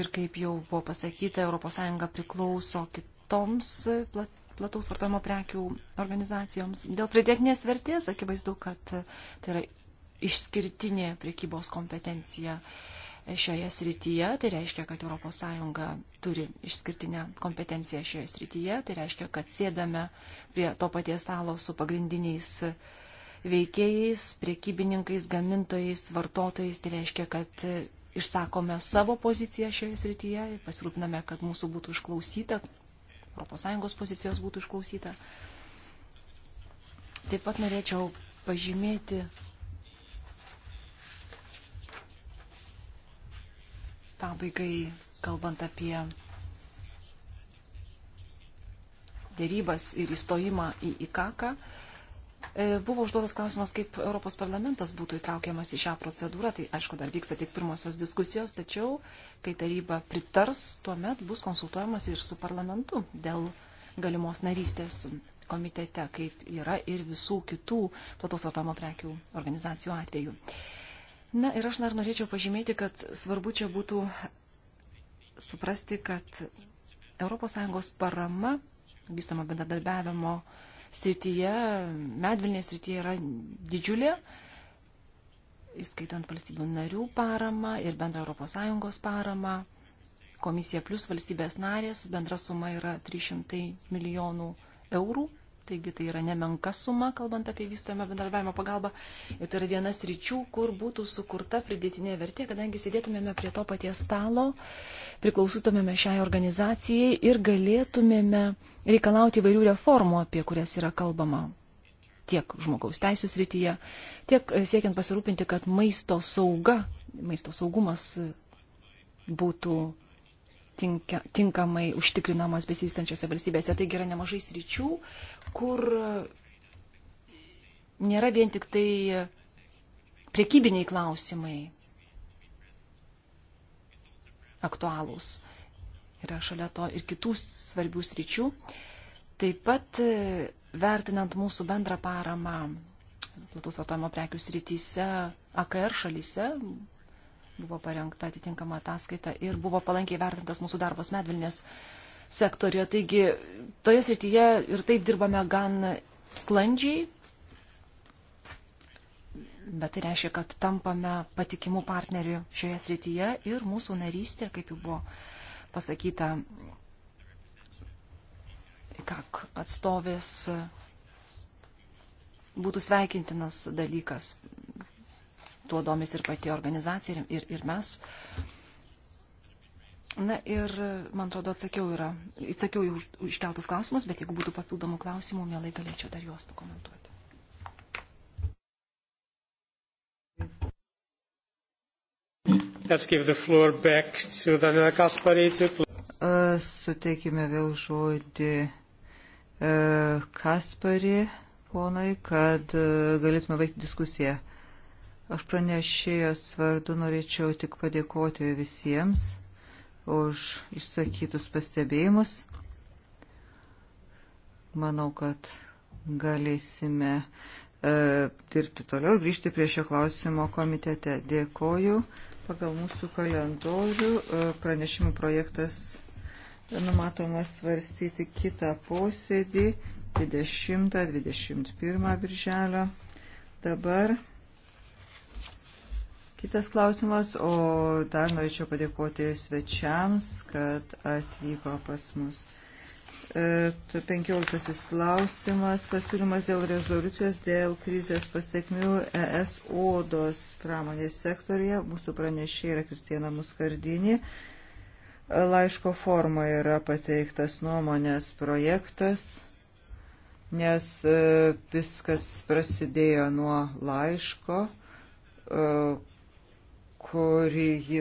Ir kaip jau buvo pasakyta, ES priklauso kitoms plat, plataus vartojimo prekių organizacijoms. Dėl pridėtinės vertės akivaizdu, kad tai yra išskirtinė priekybos kompetencija. Uh, šioje srityje, tai reiškia, kad ES turi išskirtinę kompetenciją šioje srityje, tai reiškia, kad sėdame prie to paties stalo su pagrindiniais veikėjais, priekybininkais, gamintojais, vartotojais, tai reiškia, kad išsakome savo poziciją šioje srityje ir pasirūpiname, kad mūsų būtų išklausyta, ES pozicijos būtų išklausyta. Taip pat norėčiau pažymėti Pabaigai, kalbant apie dėrybas ir įstojimą į IKAKą, e, Buvo užduotas klausimas, kaip Europos parlamentas būtų įtraukiamas į šią procedūrą. Tai aišku, dar vyksta tik pirmosios diskusijos, tačiau kai taryba pritars, tuomet bus konsultuojamas ir su parlamentu dėl galimos narystės komitete, kaip yra ir visų kitų plataus vartojimo prekių organizacijų atveju. Na ir aš dar norėčiau pažymėti, kad svarbu čia būtų suprasti, kad ES parama vystamo bendradarbiavimo srityje, medvilnės srityje yra didžiulė, įskaitant valstybių narių paramą ir bendrą ES paramą. Komisija plus valstybės narės bendra suma yra 300 milijonų eurų taigi tai yra nemenka suma, kalbant apie vystojimo bendarbiavimo pagalbą. Ir tai yra vienas ryčių, kur būtų sukurta pridėtinė vertė, kadangi sėdėtumėme prie to paties stalo, priklausytumėme šiai organizacijai ir galėtumėme reikalauti įvairių reformų, apie kurias yra kalbama tiek žmogaus teisų srityje, tiek e, siekiant pasirūpinti, kad maisto sauga, maisto saugumas būtų tinka, tinkamai užtikrinamas besistančiose valstybėse. Taigi yra nemažai sričių, kur nėra vien tik tai priekybiniai klausimai aktualūs. Yra šalia to ir kitų svarbių sričių. Taip pat e, vertinant mūsų bendrą paramą plataus vartojimo prekių srityse, AKR šalyse, buvo parengta atitinkama ataskaita ir buvo palankiai vertintas mūsų darbas medvilnės sektoriuje. Taigi toje srityje ir taip dirbame gan sklandžiai, bet tai reiškia, kad tampame patikimų partnerių šioje srityje ir mūsų narystė, kaip jau buvo pasakyta, kak atstovės būtų sveikintinas dalykas. Tuo domis ir pati organizacija ir, ir mes. Uh, Na ir, man atrodo, atsakiau, yra, atsakiau už, iškeltus klausimus, bet jeigu būtų papildomų klausimų, mielai galėčiau dar juos pakomentuoti. Let's give the floor back to Daniela Kaspari. To... Uh, suteikime vėl žodį uh, Kaspari ponui, kad uh, galėtume vaikti diskusiją. Aš pranešėjos vardu norėčiau tik padėkoti visiems už išsakytus pastebėjimus. Manau, kad galėsime e, dirbti toliau ir grįžti prie šio klausimo komitete. Dėkoju. Pagal mūsų kalendorių e, pranešimų projektas numatomas svarstyti kitą posėdį 20-21 birželio. Dabar Kitas klausimas, o dar norėčiau padėkoti svečiams, kad atvyko pas mus. 15 e, klausimas, pasiūlymas dėl rezoliucijos dėl krizės pasiekmių ES odos pramonės sektorija. Mūsų pranešė yra Kristina Muskardinė. Laiško forma yra pateiktas nuomonės projektas, nes e, viskas prasidėjo nuo laiško e, kurį ji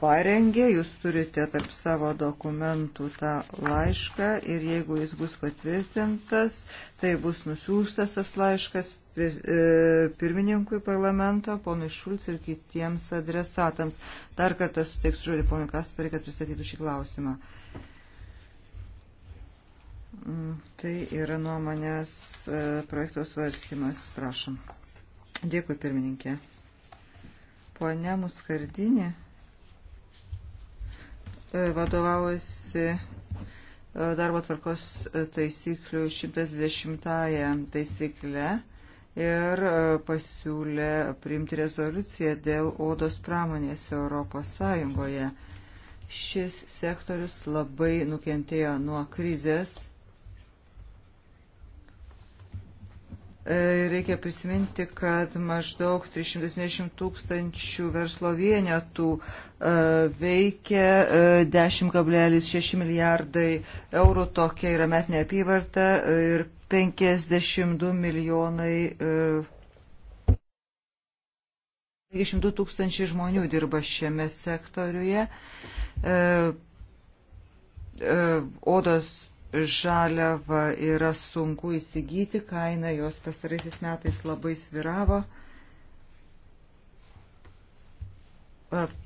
parengė. Jūs turite tarp savo dokumentų tą laišką ir jeigu jis bus patvirtintas, tai bus nusiųstas tas laiškas e, pirmininkui parlamento, ponui Šulc ir kitiems adresatams. Dar kartą suteiks žodį ponui Kasparį, kad pristatytų šį klausimą. Mm, tai yra nuomonės e, projekto svarstymas. Prašom. Dėkui, pirmininkė. Pone Muskardinė e, vadovaujasi e, darbo tvarkos e, taisyklių 120-ąją taisyklę ir pasiūlė priimti rezoliuciją dėl odos pramonės Europos Sąjungoje. Šis sektorius labai nukentėjo nuo krizės E, reikia prisiminti, kad maždaug 320 tūkstančių verslo vienetų e, veikia 10,6 e, milijardai eurų, tokia yra metinė apyvarta ir 52 milijonai. 200 tūkstančiai žmonių dirba šiame sektoriuje. Odos žaliavą yra sunku įsigyti, kaina jos pastaraisiais metais labai sviravo.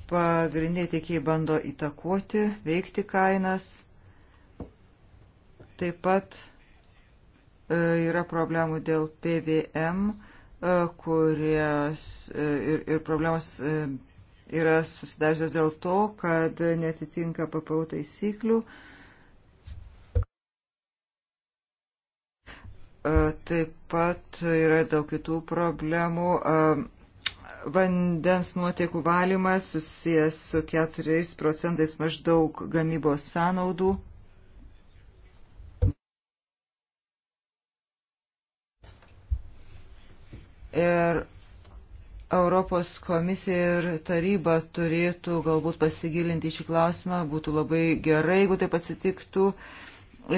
Pagrindiniai tiekiai bando įtakoti, veikti kainas. Taip pat e, yra problemų dėl PVM, e, kurios e, ir, ir problemos yra susidariusios dėl to, kad netitinka PPU taisyklių. E, taip pat yra daug kitų problemų. E, vandens nuotekų valymas susijęs su 4 procentais maždaug gamybos sąnaudų. Ir Europos komisija ir taryba turėtų galbūt pasigilinti šį klausimą, būtų labai gerai, jeigu taip atsitiktų.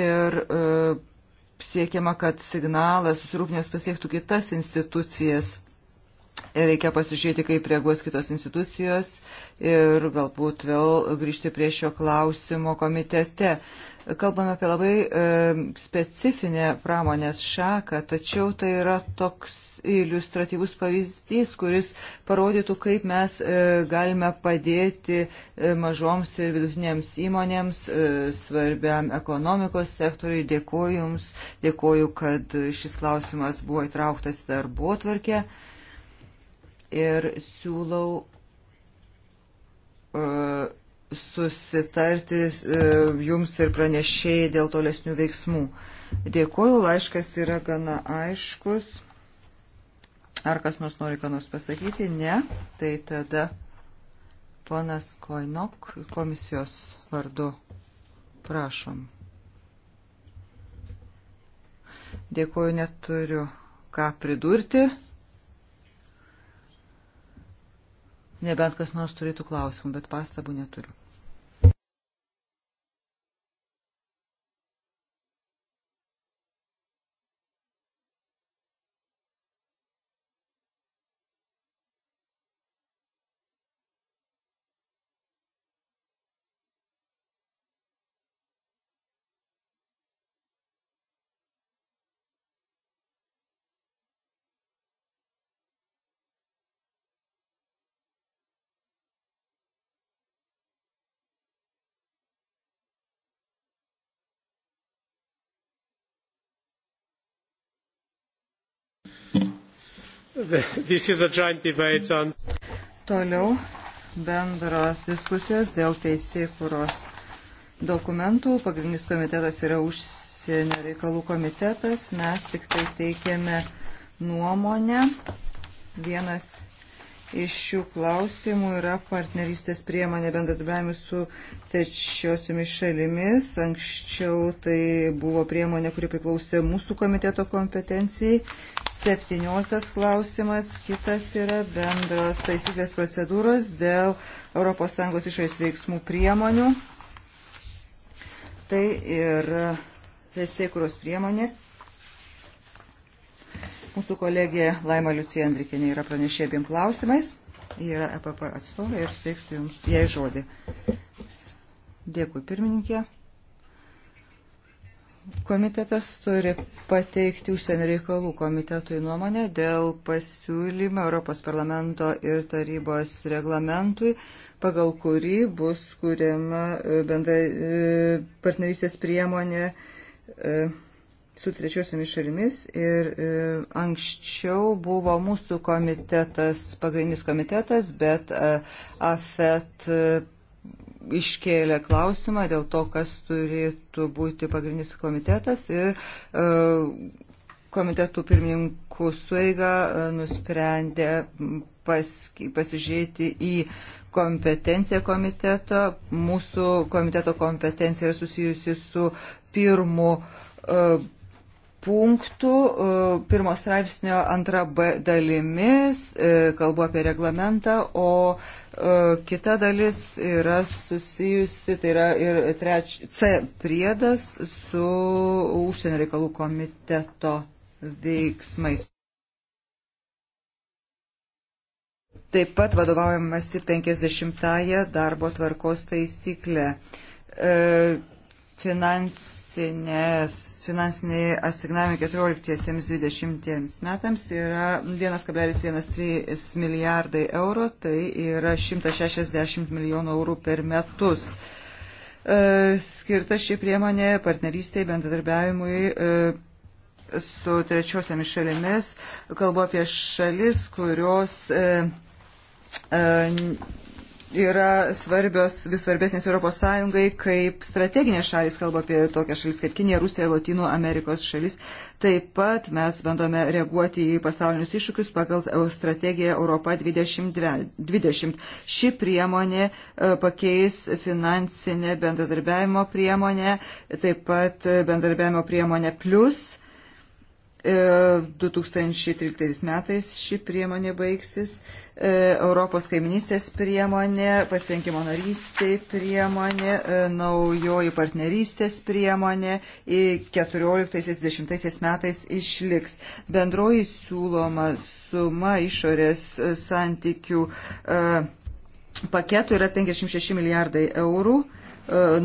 Ir e, siekiama, kad signalas susirūpinęs pasiektų kitas institucijas. Reikia pasižiūrėti, kaip reaguos kitos institucijos ir galbūt vėl grįžti prie šio klausimo komitete. Kalbame apie labai e, specifinę pramonės šaką, tačiau tai yra toks iliustratyvus pavyzdys, kuris parodytų, kaip mes e, galime padėti e, mažoms ir vidutinėms įmonėms, e, svarbiam ekonomikos sektoriui. Dėkuoju Jums, dėkuoju, kad šis klausimas buvo įtrauktas į darbo tvarkę ir siūlau uh, susitarti uh, jums ir pranešėjai dėl tolesnių veiksmų. Dėkoju, laiškas yra gana aiškus. Ar kas nors nori ką nors pasakyti? Ne. Tai tada ponas Koinok komisijos vardu. Prašom. Dėkuoju, neturiu ką pridurti. Nebent kas nors turėtų klausimų, bet pastabų neturiu. On... Toliau bendros diskusijos dėl teisėkuros dokumentų. Pagrindinis komitetas yra užsienio reikalų komitetas. Mes tik tai teikiame nuomonę. Vienas iš šių klausimų yra partnerystės priemonė bendradarbiavimui su trečiosiomis šalimis. Anksčiau tai buvo priemonė, kuri priklausė mūsų komiteto kompetencijai. 17 klausimas, kitas yra bendros taisyklės procedūros dėl ES išorės veiksmų priemonių. Tai yra teisėkuros priemonė Mūsų kolegė Laima Liucija Andrikinė yra pranešė abiem klausimais. Ji yra EPP atstovė ir suteiksiu Jums jai žodį. Dėkui pirmininkė. Komitetas turi pateikti užsienio reikalų komitetui nuomonę dėl pasiūlymo Europos parlamento ir tarybos reglamentui, pagal kurį bus kuriama bendra e, partnerystės priemonė e, su trečiosiomis šalimis ir e, anksčiau buvo mūsų komitetas, pagrindinis komitetas, bet e, AFET e, iškėlė klausimą dėl to, kas turėtų būti pagrindinis komitetas ir e, komitetų pirmininkų sueiga e, nusprendė paski, pasižiūrėti į kompetenciją komiteto. Mūsų komiteto kompetencija yra susijusi su pirmu e, punktų e, pirmos straipsnio antra B dalimis, e, kalbu apie reglamentą, o e, kita dalis yra susijusi, tai yra ir treč, C priedas su užsienio reikalų komiteto veiksmais. Taip pat vadovaujamasi 50-ąją darbo tvarkos taisyklę. Finansinės finansiniai asignavimai 14-20 metams yra 1,13 milijardai eurų, tai yra 160 milijonų eurų per metus. E, skirta ši priemonė partnerystėje bendradarbiavimui e, su trečiosiamis šalimis. Kalbu apie šalis, kurios e, yra svarbios, vis svarbesnės Europos Sąjungai, kaip strateginės šalis, kalba apie tokias šalis kaip Kinija, Rusija, Latino Amerikos šalis. Taip pat mes bandome reaguoti į pasaulinius iššūkius pagal strategiją Europa 2020. Ši priemonė e, pakeis finansinę bendradarbiavimo priemonę, taip pat bendradarbiavimo priemonę plus 2013 e, metais ši priemonė baigsis, e, Europos kaiminystės priemonė, pasirinkimo narystiai priemonė, e, naujoji partnerystės priemonė 14-10 metais išliks. Bendroji siūloma suma išorės santykių paketų yra 56 milijardai eurų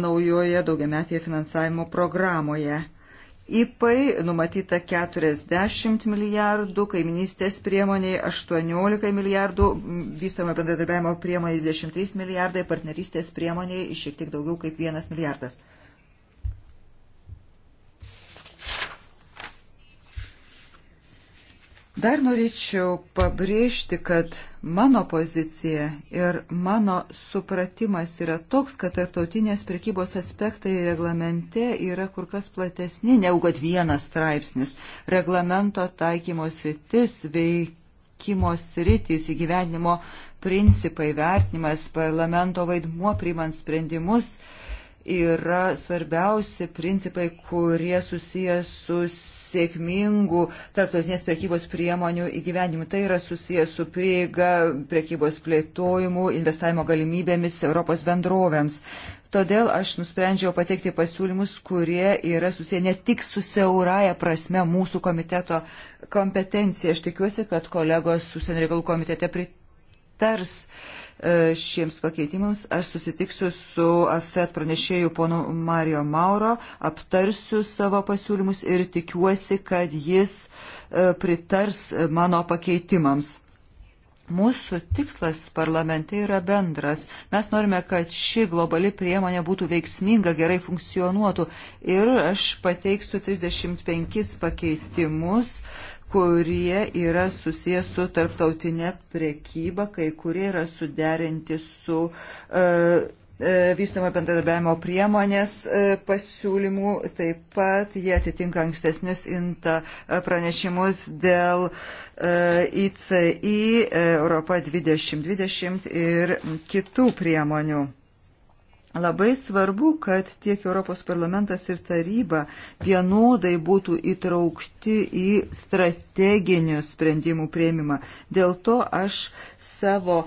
naujoje daugiametėje finansavimo programoje. IPAI numatyta 40 milijardų, kaiminystės priemoniai 18 milijardų, vystamo bendradarbiavimo priemoniai 23 milijardai, partnerystės priemoniai šiek tiek daugiau kaip 1 milijardas. Dar norėčiau pabrėžti, kad mano pozicija ir mano supratimas yra toks, kad tarptautinės prekybos aspektai reglamente yra kur kas platesni negu kad vienas straipsnis. Reglamento taikymo sritis, veikimo sritis, įgyvenimo principai, vertinimas, parlamento vaidmuo priimant sprendimus. Uh, yra svarbiausi principai, kurie susijęs su sėkmingu tarptautinės prekybos priemonių įgyvenimu. Tai yra susijęs su prieiga, prekybos plėtojimu, investavimo galimybėmis Europos bendrovėms. Todėl aš nusprendžiau pateikti pasiūlymus, kurie yra susiję ne tik su siauraja prasme mūsų komiteto kompetencija. Aš tikiuosi, kad kolegos užsienio reikalų komitete pritars E, šiems pakeitimams. Aš susitiksiu su AFET pranešėju ponu Mario Mauro, aptarsiu savo pasiūlymus ir tikiuosi, kad jis e, pritars mano pakeitimams. Mūsų tikslas parlamente yra bendras. Mes norime, kad ši globali priemonė būtų veiksminga, gerai funkcionuotų. Ir aš pateiksiu 35 pakeitimus kurie yra susijęs su tarptautinė prekyba, kai kurie yra suderinti su uh, vystomo bendradarbiavimo priemonės e, pasiūlymų, taip pat jie atitinka ankstesnius INTA pranešimus dėl ICI Europa 2020 ir kitų priemonių. Labai svarbu, kad tiek Europos parlamentas ir taryba vienodai būtų įtraukti į strateginių sprendimų prieimimą. Dėl to aš savo e,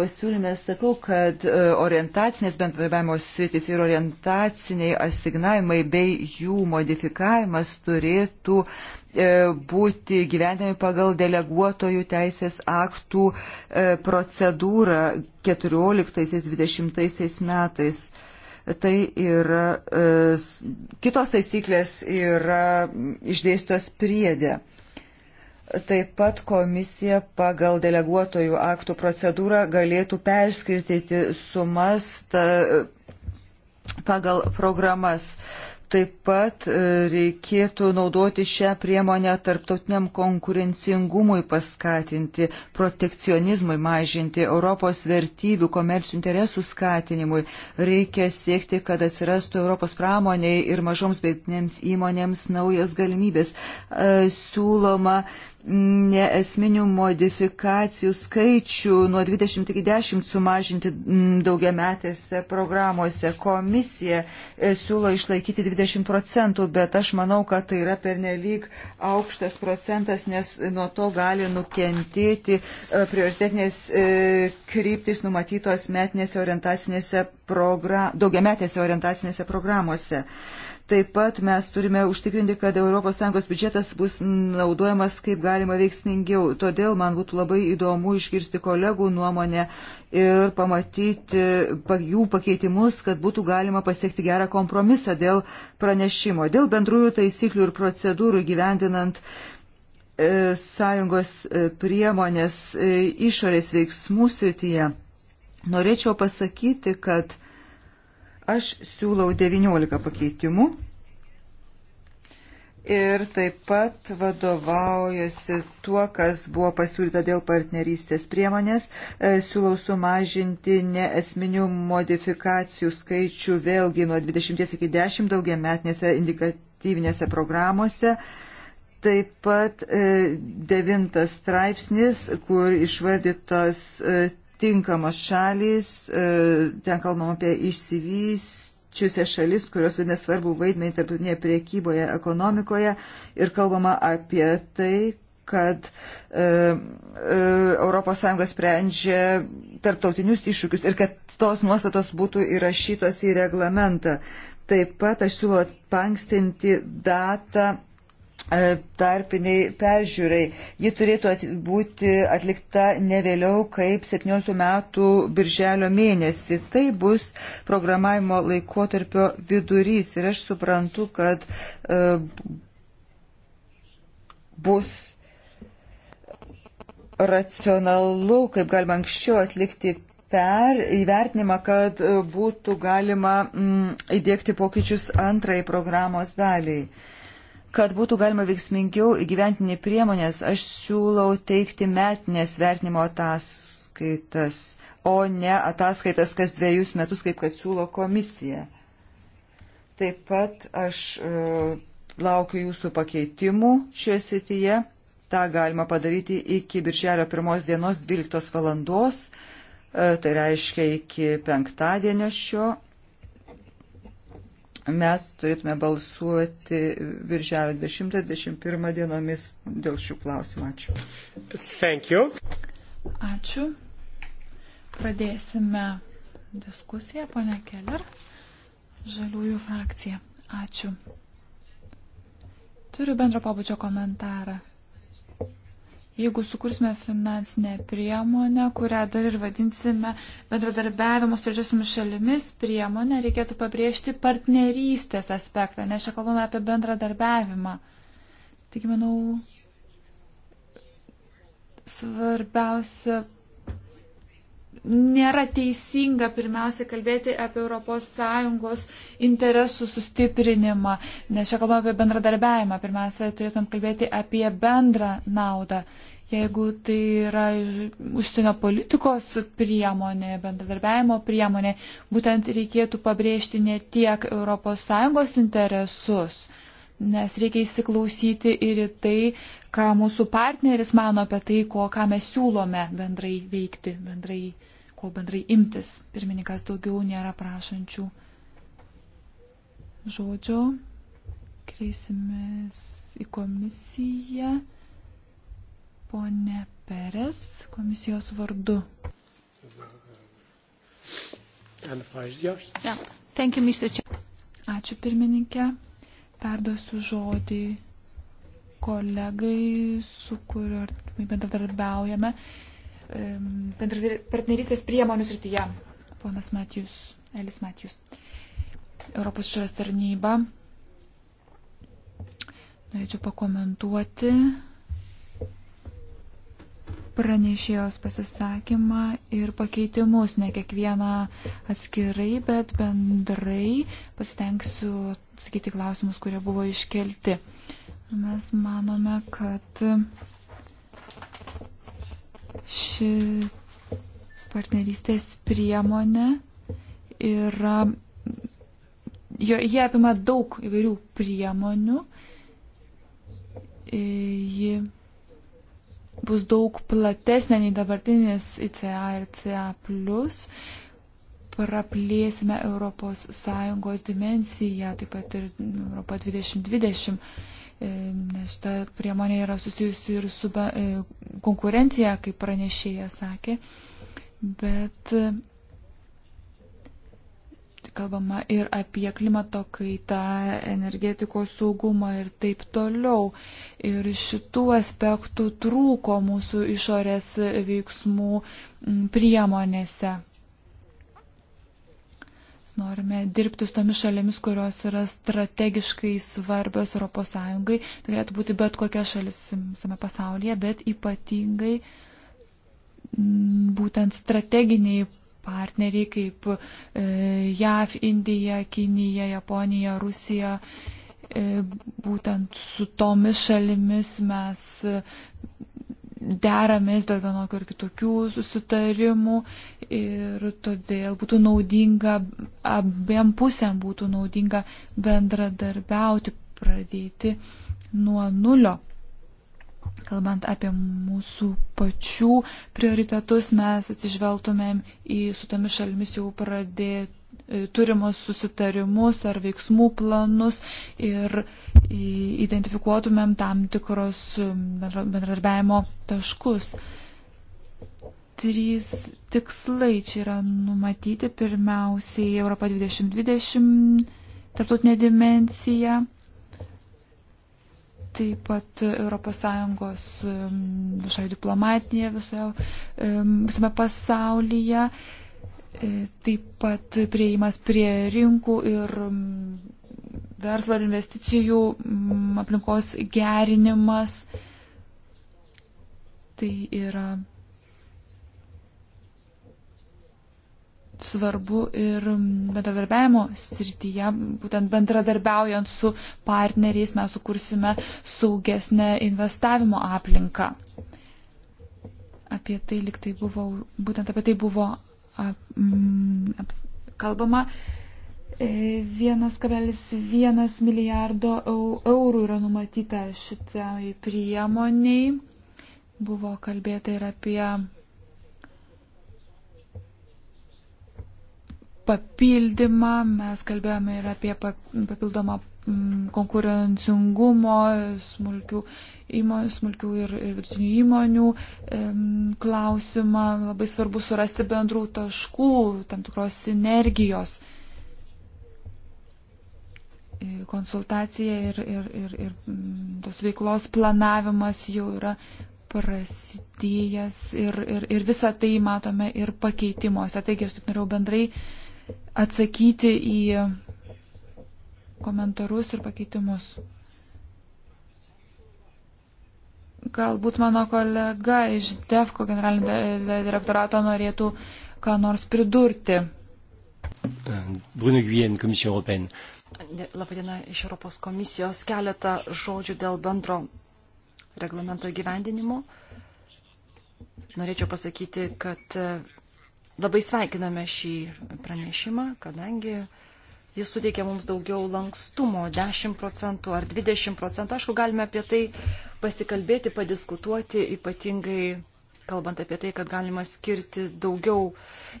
pasiūlymę sakau, kad e, orientacinės bendradarbiavimo sritis ir orientaciniai asignavimai bei jų modifikavimas turėtų uh, E, būti gyvenami pagal deleguotojų teisės aktų e, procedūrą 14-20 metais. Tai yra, e, kitos taisyklės yra išdėstos priedė. Taip pat komisija pagal deleguotojų aktų procedūrą galėtų perskirtyti sumas ta, pagal programas. E, Taip pat e, reikėtų naudoti šią priemonę tarptautiniam konkurencingumui paskatinti, protekcionizmui mažinti, Europos vertybių, komercijų interesų skatinimui. Reikia siekti, kad atsirastų Europos pramoniai ir mažoms beitinėms įmonėms naujas galimybės. E, siūloma neesminių modifikacijų skaičių nuo 20 iki 10 sumažinti mm, daugiametėse programuose. Komisija e, siūlo išlaikyti 20 procentų, bet aš manau, kad tai yra pernelyg aukštas procentas, nes nuo to gali nukentėti e, prioritetinės e, kryptis numatytos metinėse orientacinėse progra... daugiametėse orientacinėse programuose. Taip pat mes turime užtikrinti, kad ES biudžetas bus naudojamas kaip galima veiksmingiau. Todėl man būtų labai įdomu išgirsti kolegų nuomonę ir pamatyti jų pakeitimus, kad būtų galima pasiekti gerą kompromisą dėl pranešimo, dėl bendrųjų taisyklių ir procedūrų gyvendinant e, sąjungos e, priemonės e, išorės veiksmų srityje. Norėčiau pasakyti, kad Aš siūlau 19 pakeitimų ir taip pat vadovaujuosi tuo, kas buvo pasiūlyta dėl partnerystės priemonės. E, siūlau sumažinti neesminių modifikacijų skaičių vėlgi nuo 20 iki 10 daugiametinėse indikatyvinėse programuose. Taip pat e, devintas straipsnis, kur išvardytos e, tinkamos šalys, e, ten kalbam apie išsivysčiusią šalis, kurios vadina svarbu vaidmenį tarptautinėje priekyboje, ekonomikoje ir kalbama apie tai, kad e, e, ES sprendžia tarptautinius iššūkius ir kad tos nuostatos būtų įrašytos į reglamentą. Taip pat aš siūlau pankstinti datą E, tarpiniai peržiūrai. Ji turėtų at, būti atlikta ne vėliau kaip 17 metų birželio mėnesį. Tai bus programavimo laikotarpio vidurys ir aš suprantu, kad e, bus racionalu, kaip galima anksčiau atlikti per įvertinimą, kad e, būtų galima mm, įdėkti pokyčius antrai programos daliai. E, Kad būtų galima veiksmingiau įgyventinį priemonės, aš siūlau teikti metinės vertinimo ataskaitas, o ne ataskaitas kas dviejus metus, kaip kad siūlo komisija. Taip pat aš e, laukiu jūsų pakeitimų šioje srityje. Ta galima padaryti iki birželio pirmos dienos 12 valandos, e, tai reiškia iki penktadienio šio Mes turėtume balsuoti virželio 10-21 dienomis dėl šių klausimų. Ačiū. Thank you. Ačiū. Pradėsime diskusiją, ponia Keller, žaliųjų frakcija. Ačiū. Turiu bendro pabudžio komentarą jeigu sukursime finansinę priemonę, kurią dar ir vadinsime bendradarbiavimo su trečiosiomis šalimis priemonę, reikėtų pabrėžti partnerystės aspektą, nes čia kalbame apie bendradarbiavimą. Tik manau, svarbiausia nėra teisinga pirmiausia kalbėti apie ES interesų sustiprinimą, nes čia kalbame apie bendradarbiavimą. Pirmiausia, turėtumėm kalbėti apie bendrą naudą. Jeigu tai yra užsienio politikos priemonė, bendradarbiavimo priemonė, būtent reikėtų pabrėžti ne tiek ES interesus, nes reikia įsiklausyti ir į tai, ką mūsų partneris mano apie tai, ko, ką mes siūlome bendrai veikti, bendrai ko bendrai imtis. Pirmininkas daugiau nėra prašančių žodžio. Kreisimės į komisiją. Pone Peres, komisijos vardu. Ačiū pirmininkė. Perduosiu žodį kolegai, su kuriuo bendradarbiaujame. Uh, partnerystės priemonių srityje. Ponas Matijus, Elis Matijus. Europos šalies tarnyba. Norėčiau pakomentuoti pranešėjos pasisakymą ir pakeitimus, ne kiekvieną atskirai, bet bendrai pasitengsiu atsakyti klausimus, kurie buvo iškelti. Mes manome, kad Ši partnerystės priemonė yra, jo, jie apima daug įvairių priemonių. Ji bus daug platesnė nei dabartinis ICA ir CA. Praplėsime ES dimensiją, taip pat ir Europą 2020 E, nes ta priemonė yra susijusi ir su e, konkurencija, kaip pranešėja sakė, bet e, kalbama ir apie klimato kaitą, energetikos saugumą ir taip toliau. Ir šitų aspektų trūko mūsų išorės veiksmų priemonėse. Mes norime dirbti su tomis šalimis, kurios yra strategiškai svarbios ES. Tai galėtų būti bet kokia šalis visame pasaulyje, bet ypatingai mm, būtent strateginiai partneriai kaip e, JAV, Indija, Kinija, Japonija, Rusija. E, būtent su tomis šalimis mes e, deramės dėl vienokių ir kitokių susitarimų ir todėl būtų naudinga, abiem pusėm būtų naudinga bendradarbiauti, pradėti nuo nulio. Kalbant apie mūsų pačių prioritetus, mes atsižvelgtumėm į su tomis šalimis jau pradėti e, turimus susitarimus ar veiksmų planus ir identifikuotumėm tam tikros bendradarbiavimo taškus trys tikslai čia yra numatyti. Pirmiausiai Europa 2020, tarptautinė dimencija, taip pat ES viešoji diplomatija visoje, um, visame pasaulyje, e, taip pat prieimas prie rinkų ir um, verslo ir investicijų mm, aplinkos gerinimas. Tai yra svarbu ir bendradarbiavimo srityje, būtent bendradarbiaujant su partneriais mes sukursime saugesnę investavimo aplinką. Apie tai liktai buvo, būtent apie tai buvo ap, mm, ap, kalbama. 1,1 e, milijardo eurų yra numatyta šitai priemoniai. Buvo kalbėta ir apie papildymą, mes kalbėjome ir apie papildomą mm, konkurencingumo smulkių, įmon, smulkių ir, ir vidutinių įmonių klausimą. Labai svarbu surasti bendrų taškų, tam tikros sinergijos e, konsultacija ir, ir, ir, ir mm, tos veiklos planavimas jau yra prasidėjęs ir, ir, ir visą tai matome ir pakeitimuose. Taigi aš taip norėjau bendrai uh, atsakyti į komentarus ir pakeitimus. Galbūt mano kolega iš DEFCO generalinio direktorato norėtų ką nors pridurti. Bruno Guyen, Komisija Europėn. Labadiena iš Europos komisijos. Keletą žodžių dėl bendro reglamento įgyvendinimo. Norėčiau pasakyti, kad Labai sveikiname šį pranešimą, kadangi jis suteikia mums daugiau lankstumo, 10 procentų ar 20 procentų. Aišku, galime apie tai pasikalbėti, padiskutuoti, ypatingai kalbant apie tai, kad galima skirti daugiau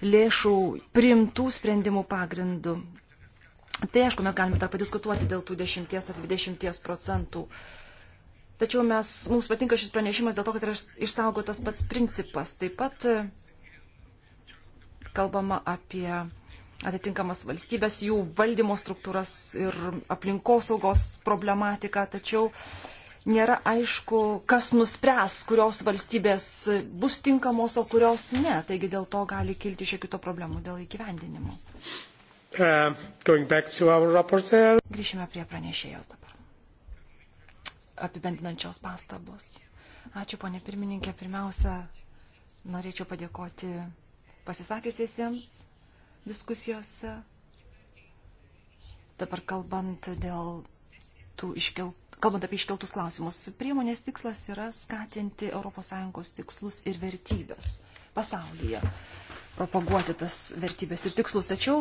lėšų primtų sprendimų pagrindų. Tai aišku, mes galime dar padiskutuoti dėl tų 10 ar 20 procentų. Tačiau mes, mums patinka šis pranešimas dėl to, kad yra išsaugotas pats principas. Taip pat kalbama apie atitinkamas valstybės, jų valdymo struktūras ir aplinkosaugos problematiką, tačiau nėra aišku, kas nuspręs, kurios valstybės bus tinkamos, o kurios ne. Taigi dėl to gali kilti šiek tiek problemų dėl įgyvendinimo. Uh, Grįšime prie pranešėjos dabar. Apibendinančios pastabos. Ačiū, ponė pirmininkė. Pirmiausia, norėčiau padėkoti pasisakiusiesiems diskusijose. Dabar kalbant, dėl tų iškelt, kalbant apie iškeltus klausimus, priemonės tikslas yra skatinti ES tikslus ir vertybės pasaulyje, propaguoti tas vertybės ir tikslus. Tačiau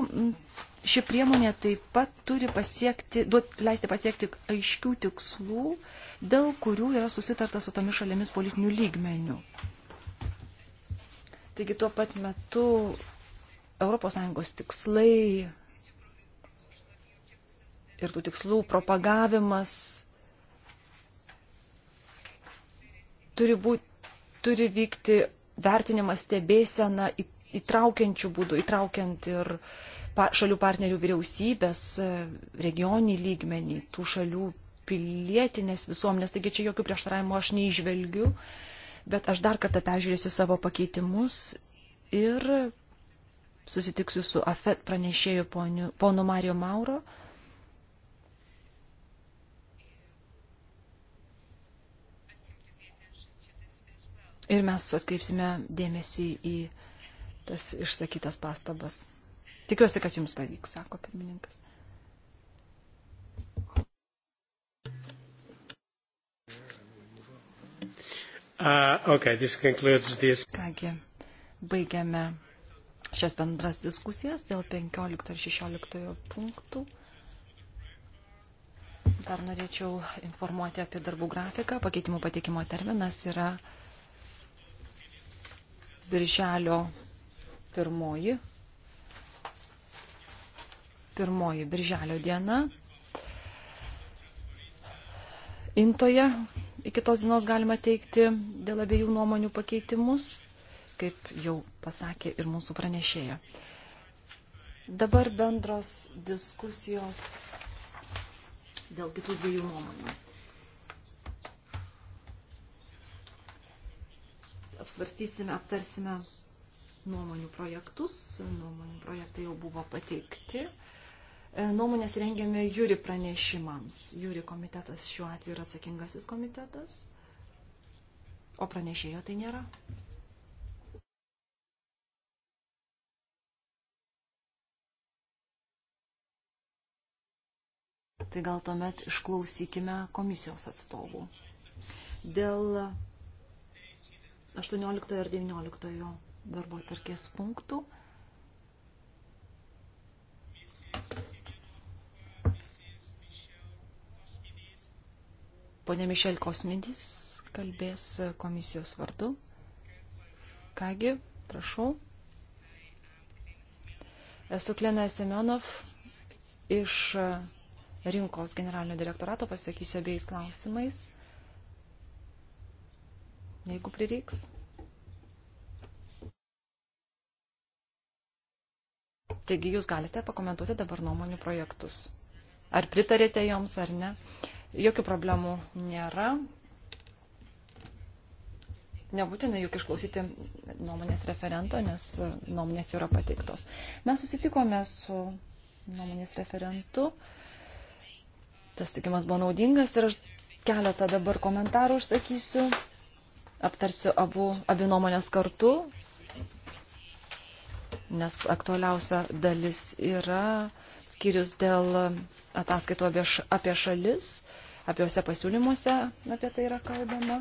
ši priemonė taip pat turi pasiekti, duot, leisti pasiekti aiškių tikslų, dėl kurių yra susitarta su tomis šalimis politinių lygmenių. Taigi tuo pat metu ES tikslai ir tų tikslų propagavimas turi, būt, turi vykti vertinimas stebėsena įtraukiančių būdų, įtraukiant ir šalių partnerių vyriausybės, regioninį lygmenį, tų šalių pilietinės visuomenės. Taigi čia jokių prieštaravimų aš neižvelgiu. Uh, bet aš dar kartą peržiūrėsiu savo pakeitimus ir susitiksiu su AFET pranešėju poniu, ponu Mario Mauro. Ir mes atkreipsime dėmesį į tas išsakytas pastabas. Tikiuosi, kad jums pavyks, sako pirmininkas. Uh, okay, Kągi, baigiame šias bendras diskusijas dėl 15 ir 16 punktų. Dar norėčiau informuoti apie darbų grafiką. Pakeitimų pateikimo terminas yra birželio pirmoji. Pirmoji birželio diena. Intoje iki tos dienos galima teikti dėl abiejų nuomonių pakeitimus, kaip jau pasakė ir mūsų pranešėja. Dabar bendros diskusijos dėl kitų dviejų nuomonių. Apsvarstysime, aptarsime nuomonių projektus. Nuomonių projektai jau buvo pateikti. E, nuomonės rengiame jūri pranešimams. Jūri komitetas šiuo atveju yra atsakingasis komitetas, o pranešėjo tai nėra. Tai gal tuomet išklausykime komisijos atstovų. Dėl 18 ir 19 darbo tarkės punktų. Mrs. Pone Mišel Kosmidis kalbės komisijos vardu. Kągi, prašau. Esu Klena Semenov iš rinkos generalinio direktorato, pasakysiu abiejais klausimais, jeigu prireiks. Taigi jūs galite pakomentuoti dabar nuomonių projektus. Ar pritarėte joms ar ne? Uh, Jokių problemų nėra. Nebūtinai juk išklausyti nuomonės referento, nes nuomonės jau yra pateiktos. Mes susitikome su nuomonės referentu. Tas tikimas buvo naudingas ir aš keletą dabar komentarų užsakysiu. Aptarsiu abu, abi nuomonės kartu, nes aktualiausia dalis yra skyrius dėl ataskaito apie šalis abiejose pasiūlymuose apie tai yra kalbama.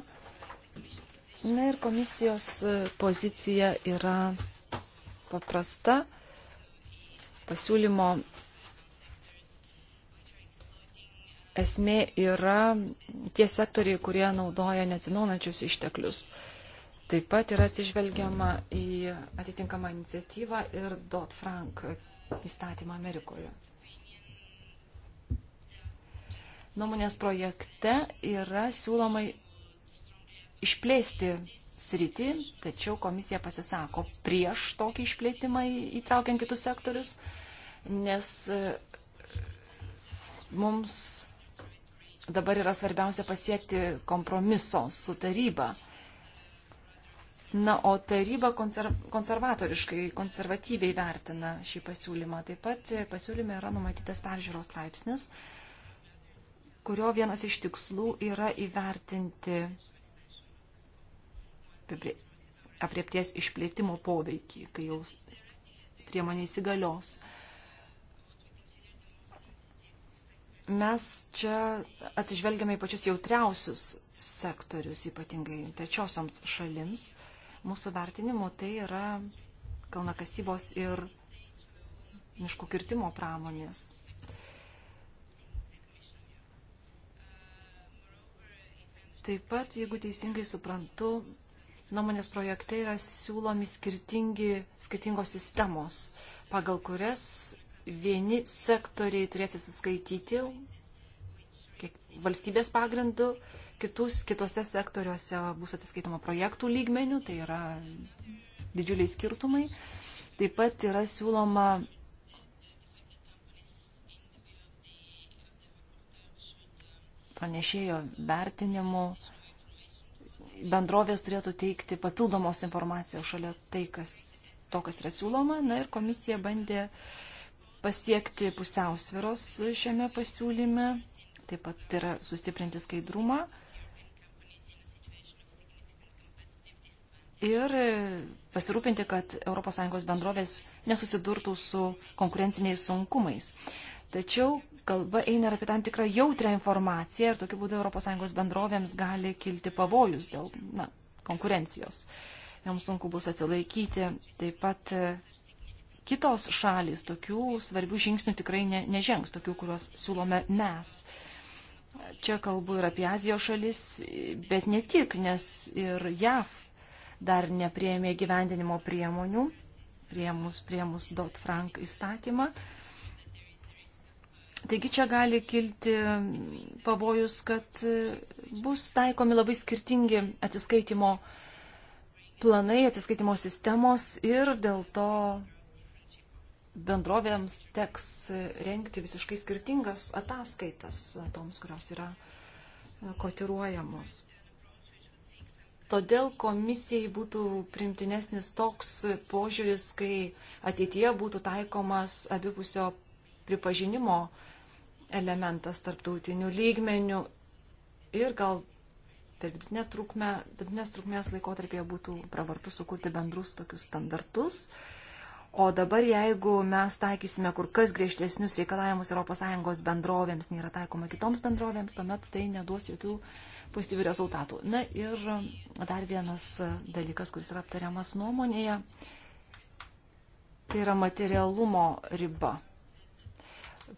Na ir komisijos e, pozicija yra paprasta. Pasiūlymo esmė yra tie sektoriai, kurie naudoja neatsinaujančius išteklius. Taip pat yra atsižvelgiama į atitinkamą iniciatyvą ir Dot Frank įstatymą Amerikoje nuomonės projekte yra siūloma išplėsti sritį, tačiau komisija pasisako prieš tokį išplėtimą įtraukiant kitus sektorius, nes e, mums dabar yra svarbiausia pasiekti kompromiso su taryba. Na, o taryba konservatoriškai, konservatyviai vertina šį pasiūlymą. Taip pat pasiūlyme yra numatytas peržiūros straipsnis, kurio vienas iš tikslų yra įvertinti apriepties išplėtimo poveikį, kai jau priemonė įsigalios. Mes čia atsižvelgiame į pačius jautriausius sektorius, ypatingai trečiosioms šalims. Mūsų vertinimu tai yra kalnakasybos ir miškų kirtimo pramonės. Taip pat, jeigu teisingai suprantu, nuomonės projekte yra siūlomi skirtingi, skirtingos sistemos, pagal kurias vieni sektoriai turės įsiskaityti valstybės pagrindu, kitus, kitose sektoriuose bus atsiskaitoma projektų lygmenių, tai yra didžiuliai skirtumai. Taip pat yra siūloma pranešėjo vertinimu bendrovės turėtų teikti papildomos informacijos šalia tai, kas, to, kas yra siūloma. Na ir komisija bandė pasiekti pusiausviros šiame pasiūlyme, taip pat yra sustiprinti skaidrumą. ir pasirūpinti, kad ES bendrovės nesusidurtų su konkurenciniais sunkumais. Tačiau kalba eina apie tam tikrą jautrią informaciją ir tokiu būdu ES bendrovėms gali kilti pavojus dėl na, konkurencijos. Joms sunku bus atsilaikyti. Taip pat e, kitos šalys tokių svarbių žingsnių tikrai ne, nežengs, tokių, kuriuos siūlome mes. Čia kalbu ir apie Azijos šalis, bet ne tik, nes ir JAV dar neprieėmė gyvendinimo priemonių, priemus, priemus Dot Frank įstatymą. Uh, Taigi čia gali kilti pavojus, kad bus taikomi labai skirtingi atsiskaitimo planai, atsiskaitimo sistemos ir dėl to bendrovėms teks renkti visiškai skirtingas ataskaitas toms, kurios yra kotiruojamos. Todėl komisijai būtų primtinesnis toks požiūris, kai ateityje būtų taikomas abipusio pripažinimo uh, elementas tarptautinių lygmenių ir gal per vidutinę trukmę, vidutinės trukmės laikotarpėje būtų pravartu sukurti bendrus tokius standartus. O dabar, jeigu mes taikysime kur kas griežtesnius reikalavimus ES bendrovėms, nėra taikoma kitoms bendrovėms, tuomet tai neduos jokių pozityvių rezultatų. Na ir dar vienas dalykas, kuris yra aptariamas nuomonėje, tai yra materialumo riba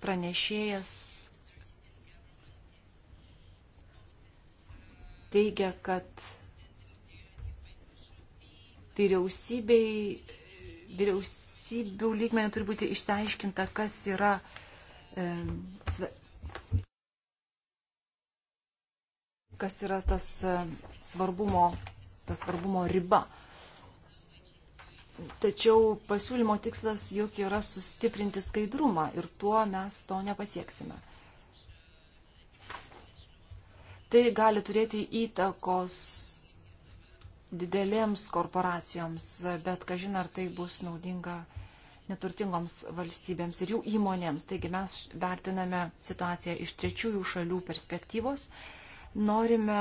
pranešėjas teigia, kad vyriausybei, vyriausybių lygmenį turi būti išsiaiškinta, kas yra e, kas yra tas e, svarbumo, tas svarbumo riba. Tačiau pasiūlymo tikslas juk yra sustiprinti skaidrumą ir tuo mes to nepasieksime. Tai gali turėti įtakos didelėms korporacijoms, bet kažin ar tai bus naudinga neturtingoms valstybėms ir jų įmonėms. Taigi mes vertiname situaciją iš trečiųjų šalių perspektyvos. Norime,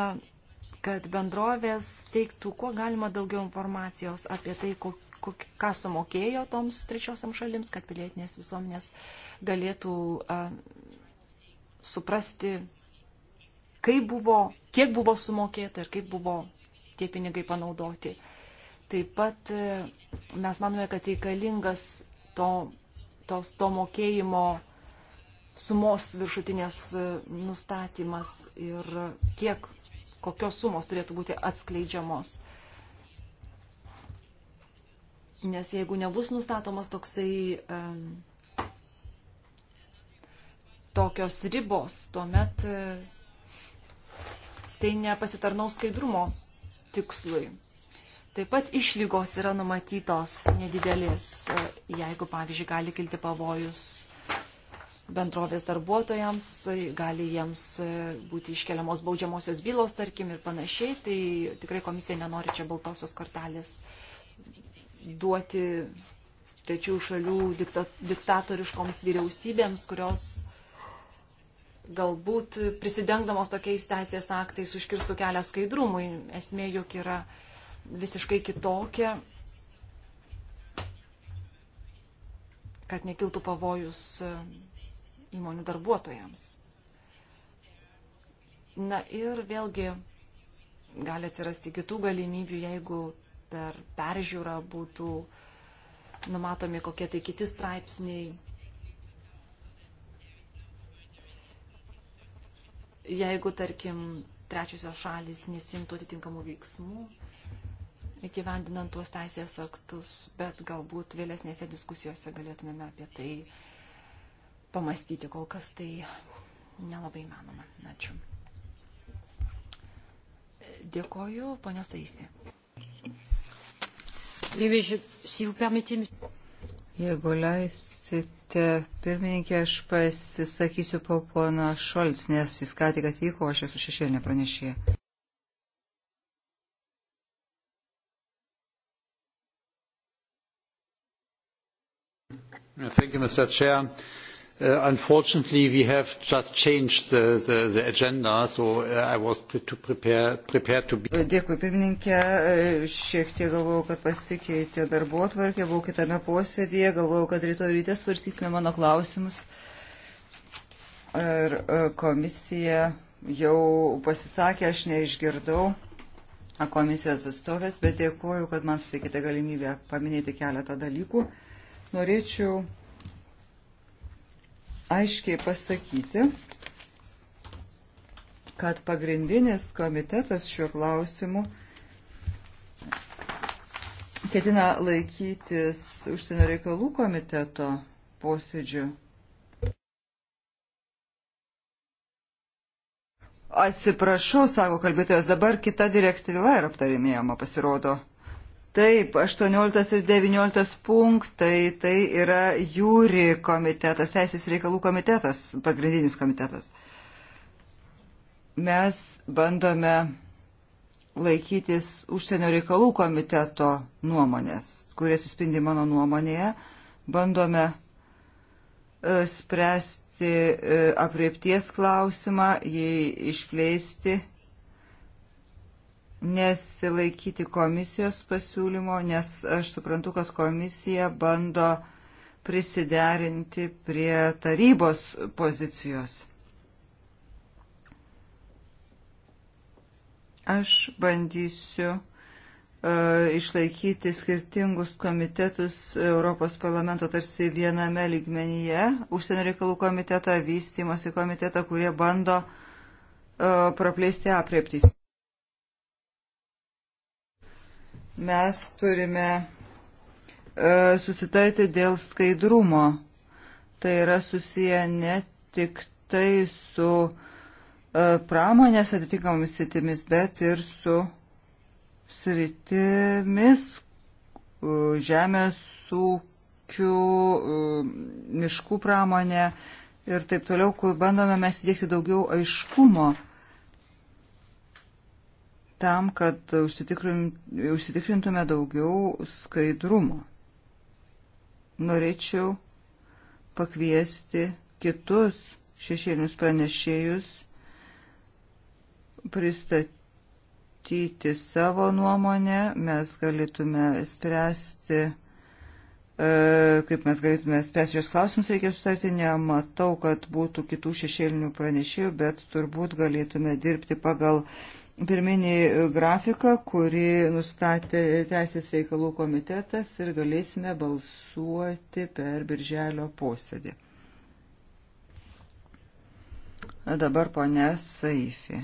kad bendrovės teiktų kuo galima daugiau informacijos apie tai, kokie ką sumokėjo toms trečiosiam šalims, kad pilietinės visuomenės galėtų a, suprasti, kaip buvo, kiek buvo sumokėta ir kaip buvo tie pinigai panaudoti. Taip pat e, mes manome, kad reikalingas to, tos, to mokėjimo sumos viršutinės e, nustatymas ir kiek, kokios sumos turėtų būti atskleidžiamos nes jeigu nebus nustatomas toksai um, tokios ribos, tuomet e, tai nepasitarnaus skaidrumo tikslui. Taip pat išlygos yra numatytos nedidelės, e, jeigu, pavyzdžiui, gali kilti pavojus bendrovės darbuotojams, e, gali jiems būti iškeliamos baudžiamosios bylos, tarkim, ir panašiai, tai tikrai komisija nenori čia baltosios kortelės duoti trečių šalių dikta, diktatoriškoms vyriausybėms, kurios galbūt prisidengdamos tokiais teisės aktais užkirstų kelią skaidrumui. Esmė juk yra visiškai kitokia, kad nekiltų pavojus įmonių darbuotojams. Na ir vėlgi gali atsirasti kitų galimybių, jeigu per peržiūrą būtų numatomi kokie tai kiti straipsniai. Jeigu, tarkim, trečiosios šalis nesimtų atitinkamų veiksmų, įgyvendinant tuos teisės aktus, bet galbūt vėlesnėse diskusijose galėtumėme apie tai pamastyti, kol kas tai nelabai manoma. Ačiū. Dėkoju, ponia Saifi. Jeigu leisite, pirmininkė, aš pasisakysiu po pono Šolts, nes jis ką tik atvyko, aš esu šešėlinė pranešėja. Thank you, Mr. Chair. Uh, unfortunately, we have just changed the, the, the agenda, so uh, I was pre to prepare, prepared to be. Dėkui, pirmininkė. Uh, šiek tiek galvojau, kad pasikeitė darbo atvarkė, buvau kitame posėdėje, galvojau, kad rytoj ryte svarstysime mano klausimus. Ir komisija jau pasisakė, aš neišgirdau komisijos atstovės, bet dėkuoju, kad man susikite galimybę paminėti keletą dalykų. Norėčiau aiškiai pasakyti, kad pagrindinis komitetas šiuo klausimu ketina laikytis užsienio reikalų komiteto posėdžių. Atsiprašau, sako kalbėtojas, dabar kita direktyva yra aptarinėjama, pasirodo. Taip, 18 ir 19 punktai, tai yra jūri komitetas, teisės reikalų komitetas, pagrindinis komitetas. Mes bandome laikytis užsienio reikalų komiteto nuomonės, kurie atsispindi mano nuomonėje. Bandome e, spręsti e, apriepties klausimą, jį išplėsti nesilaikyti komisijos pasiūlymo, nes aš suprantu, kad komisija bando prisiderinti prie tarybos pozicijos. Aš bandysiu e, išlaikyti skirtingus komitetus Europos parlamento tarsi viename lygmenyje, užsienio reikalų komitetą, vystymosi komitetą, kurie bando e, praplėsti aprieptys. Mes turime e, susitarti dėl skaidrumo. Tai yra susiję ne tik tai su e, pramonės atitinkamomis sritimis, bet ir su sritimis e, žemės ūkių, e, miškų pramonė ir taip toliau, kur bandome mes įdėkti daugiau aiškumo tam, kad užsitikrintume daugiau skaidrumo. Norėčiau pakviesti kitus šešėlinius pranešėjus pristatyti savo nuomonę, mes galėtume spręsti e, kaip mes galėtume spręsti šios klausimus, reikia sutarti, nematau, kad būtų kitų šešėlinių pranešėjų, bet turbūt galėtume dirbti pagal uh, pirminį grafiką, kurį nustatė Teisės reikalų komitetas ir galėsime balsuoti per birželio posėdį. Dabar ponė Saifi.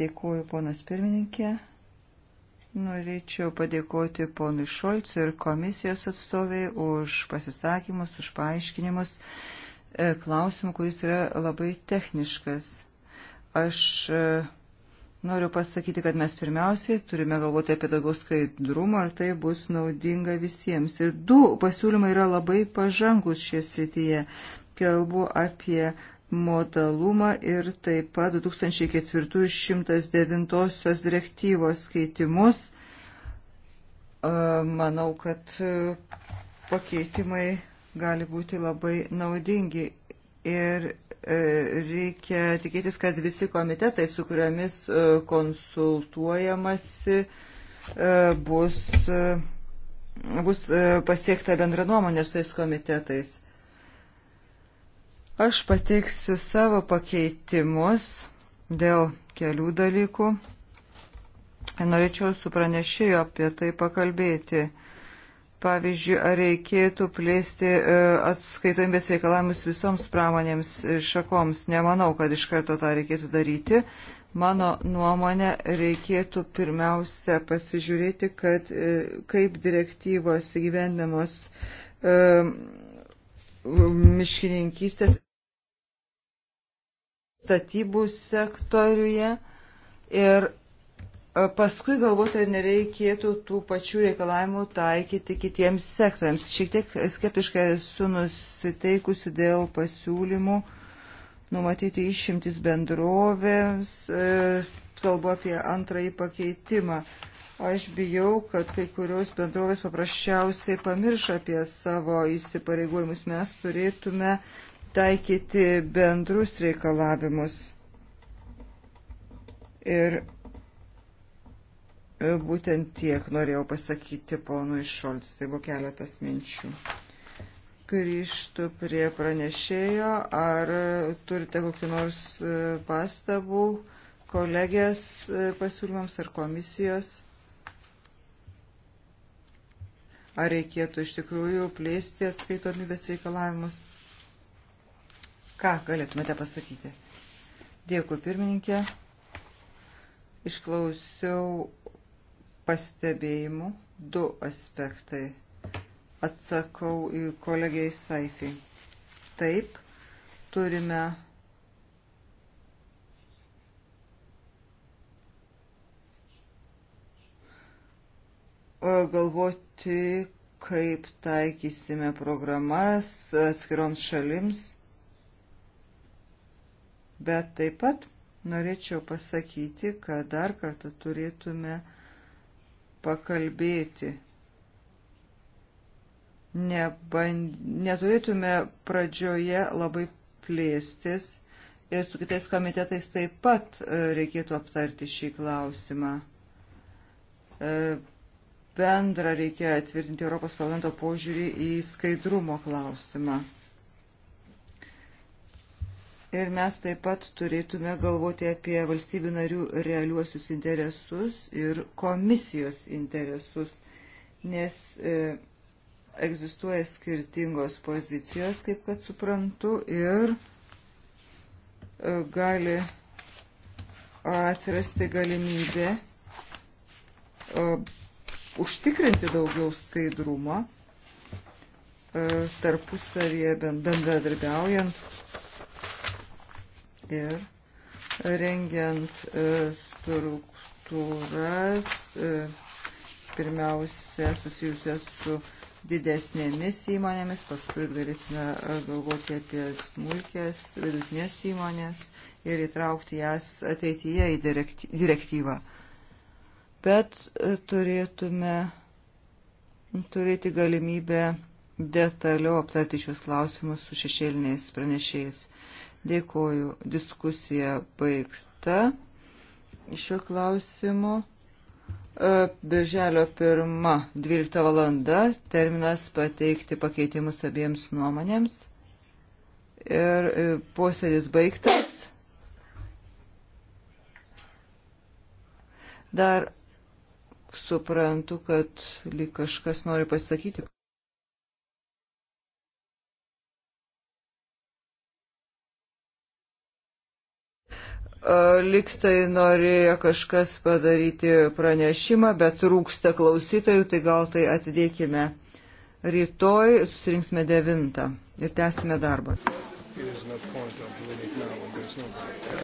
Dėkuoju, ponas pirmininkė. Norėčiau padėkoti ponui Šolcui ir komisijos atstoviai už pasisakymus, už paaiškinimus e, klausimų, kuris yra labai techniškas. Aš e, noriu pasakyti, kad mes pirmiausiai turime galvoti apie daugiau skaidrumą, ar tai bus naudinga visiems. Ir du pasiūlymai yra labai pažangus šioje srityje. Kalbu apie modalumą ir taip pat 2409 direktyvos keitimus. E, manau, kad e, pakeitimai gali būti labai naudingi ir E, reikia tikėtis, kad visi komitetai, su kuriomis e, konsultuojamasi, e, bus, bus pasiekta bendra nuomonė su tais komitetais. Aš pateiksiu savo pakeitimus dėl kelių dalykų. Norėčiau su pranešėjo apie tai pakalbėti. Pavyzdžiui, ar reikėtų plėsti e, atskaitomybės reikalavimus visoms pramonėms e, šakoms? Nemanau, kad iš karto tą reikėtų daryti. Mano nuomonė, reikėtų pirmiausia pasižiūrėti, kad e, kaip direktyvos įgyvendamos miškininkystės statybų sektoriuje ir Paskui galvota, ar nereikėtų tų pačių reikalavimų taikyti kitiems sektoriams. Šiek tiek skeptiškai esu nusiteikusi dėl pasiūlymų numatyti išimtis bendrovėms, e, kalbu apie antrąjį pakeitimą. Aš bijau, kad kai kurios bendrovės paprasčiausiai pamirš apie savo įsipareigojimus. Mes turėtume taikyti bendrus reikalavimus. Ir E, būtent tiek norėjau pasakyti ponui Šolts. Tai buvo keletas minčių. Grįžtų prie pranešėjo. Ar turite kokį nors e, pastabų kolegės e, pasiūlymams ar komisijos? Ar reikėtų iš tikrųjų plėsti atskaitomybės reikalavimus? Ką galėtumėte pasakyti? Dėkui pirmininkė. Išklausiau pastebėjimų du aspektai. Atsakau į kolegiją Saifiai. Taip, turime galvoti, kaip taikysime programas atskiroms šalims. Bet taip pat norėčiau pasakyti, kad dar kartą turėtume uh, pakalbėti. Neband... Neturėtume pradžioje labai plėstis ir su kitais komitetais taip pat e, reikėtų aptarti šį klausimą. E, Bendra reikia atvirtinti Europos parlamento požiūrį į skaidrumo klausimą. Ir mes taip pat turėtume galvoti apie valstybių narių realiuosius interesus ir komisijos interesus, nes e, egzistuoja skirtingos pozicijos, kaip kad suprantu, ir e, gali atsirasti galimybė e, užtikrinti daugiau skaidrumo e, tarpusavėje bendradarbiaujant ir rengiant e, struktūras, e, pirmiausia susijusias su didesnėmis įmonėmis, paskui galėtume e, galvoti apie smulkės, vidutinės įmonės ir įtraukti jas ateityje į direktyvą. Bet turėtume turėti galimybę detaliau aptarti šios klausimus su šešėliniais pranešėjais. Dėkoju. Diskusija baigta šiuo klausimu. E, Birželio 1, 12 valanda, terminas pateikti pakeitimus abiems nuomonėms. Ir e, posėdis baigtas. Dar suprantu, kad lyg kažkas nori pasakyti. liktai norėjo kažkas padaryti pranešimą, bet trūksta klausytojų, tai gal tai atidėkime rytoj, susirinksime devintą ir tęsime darbą. It is no point of doing it now when there's nobody.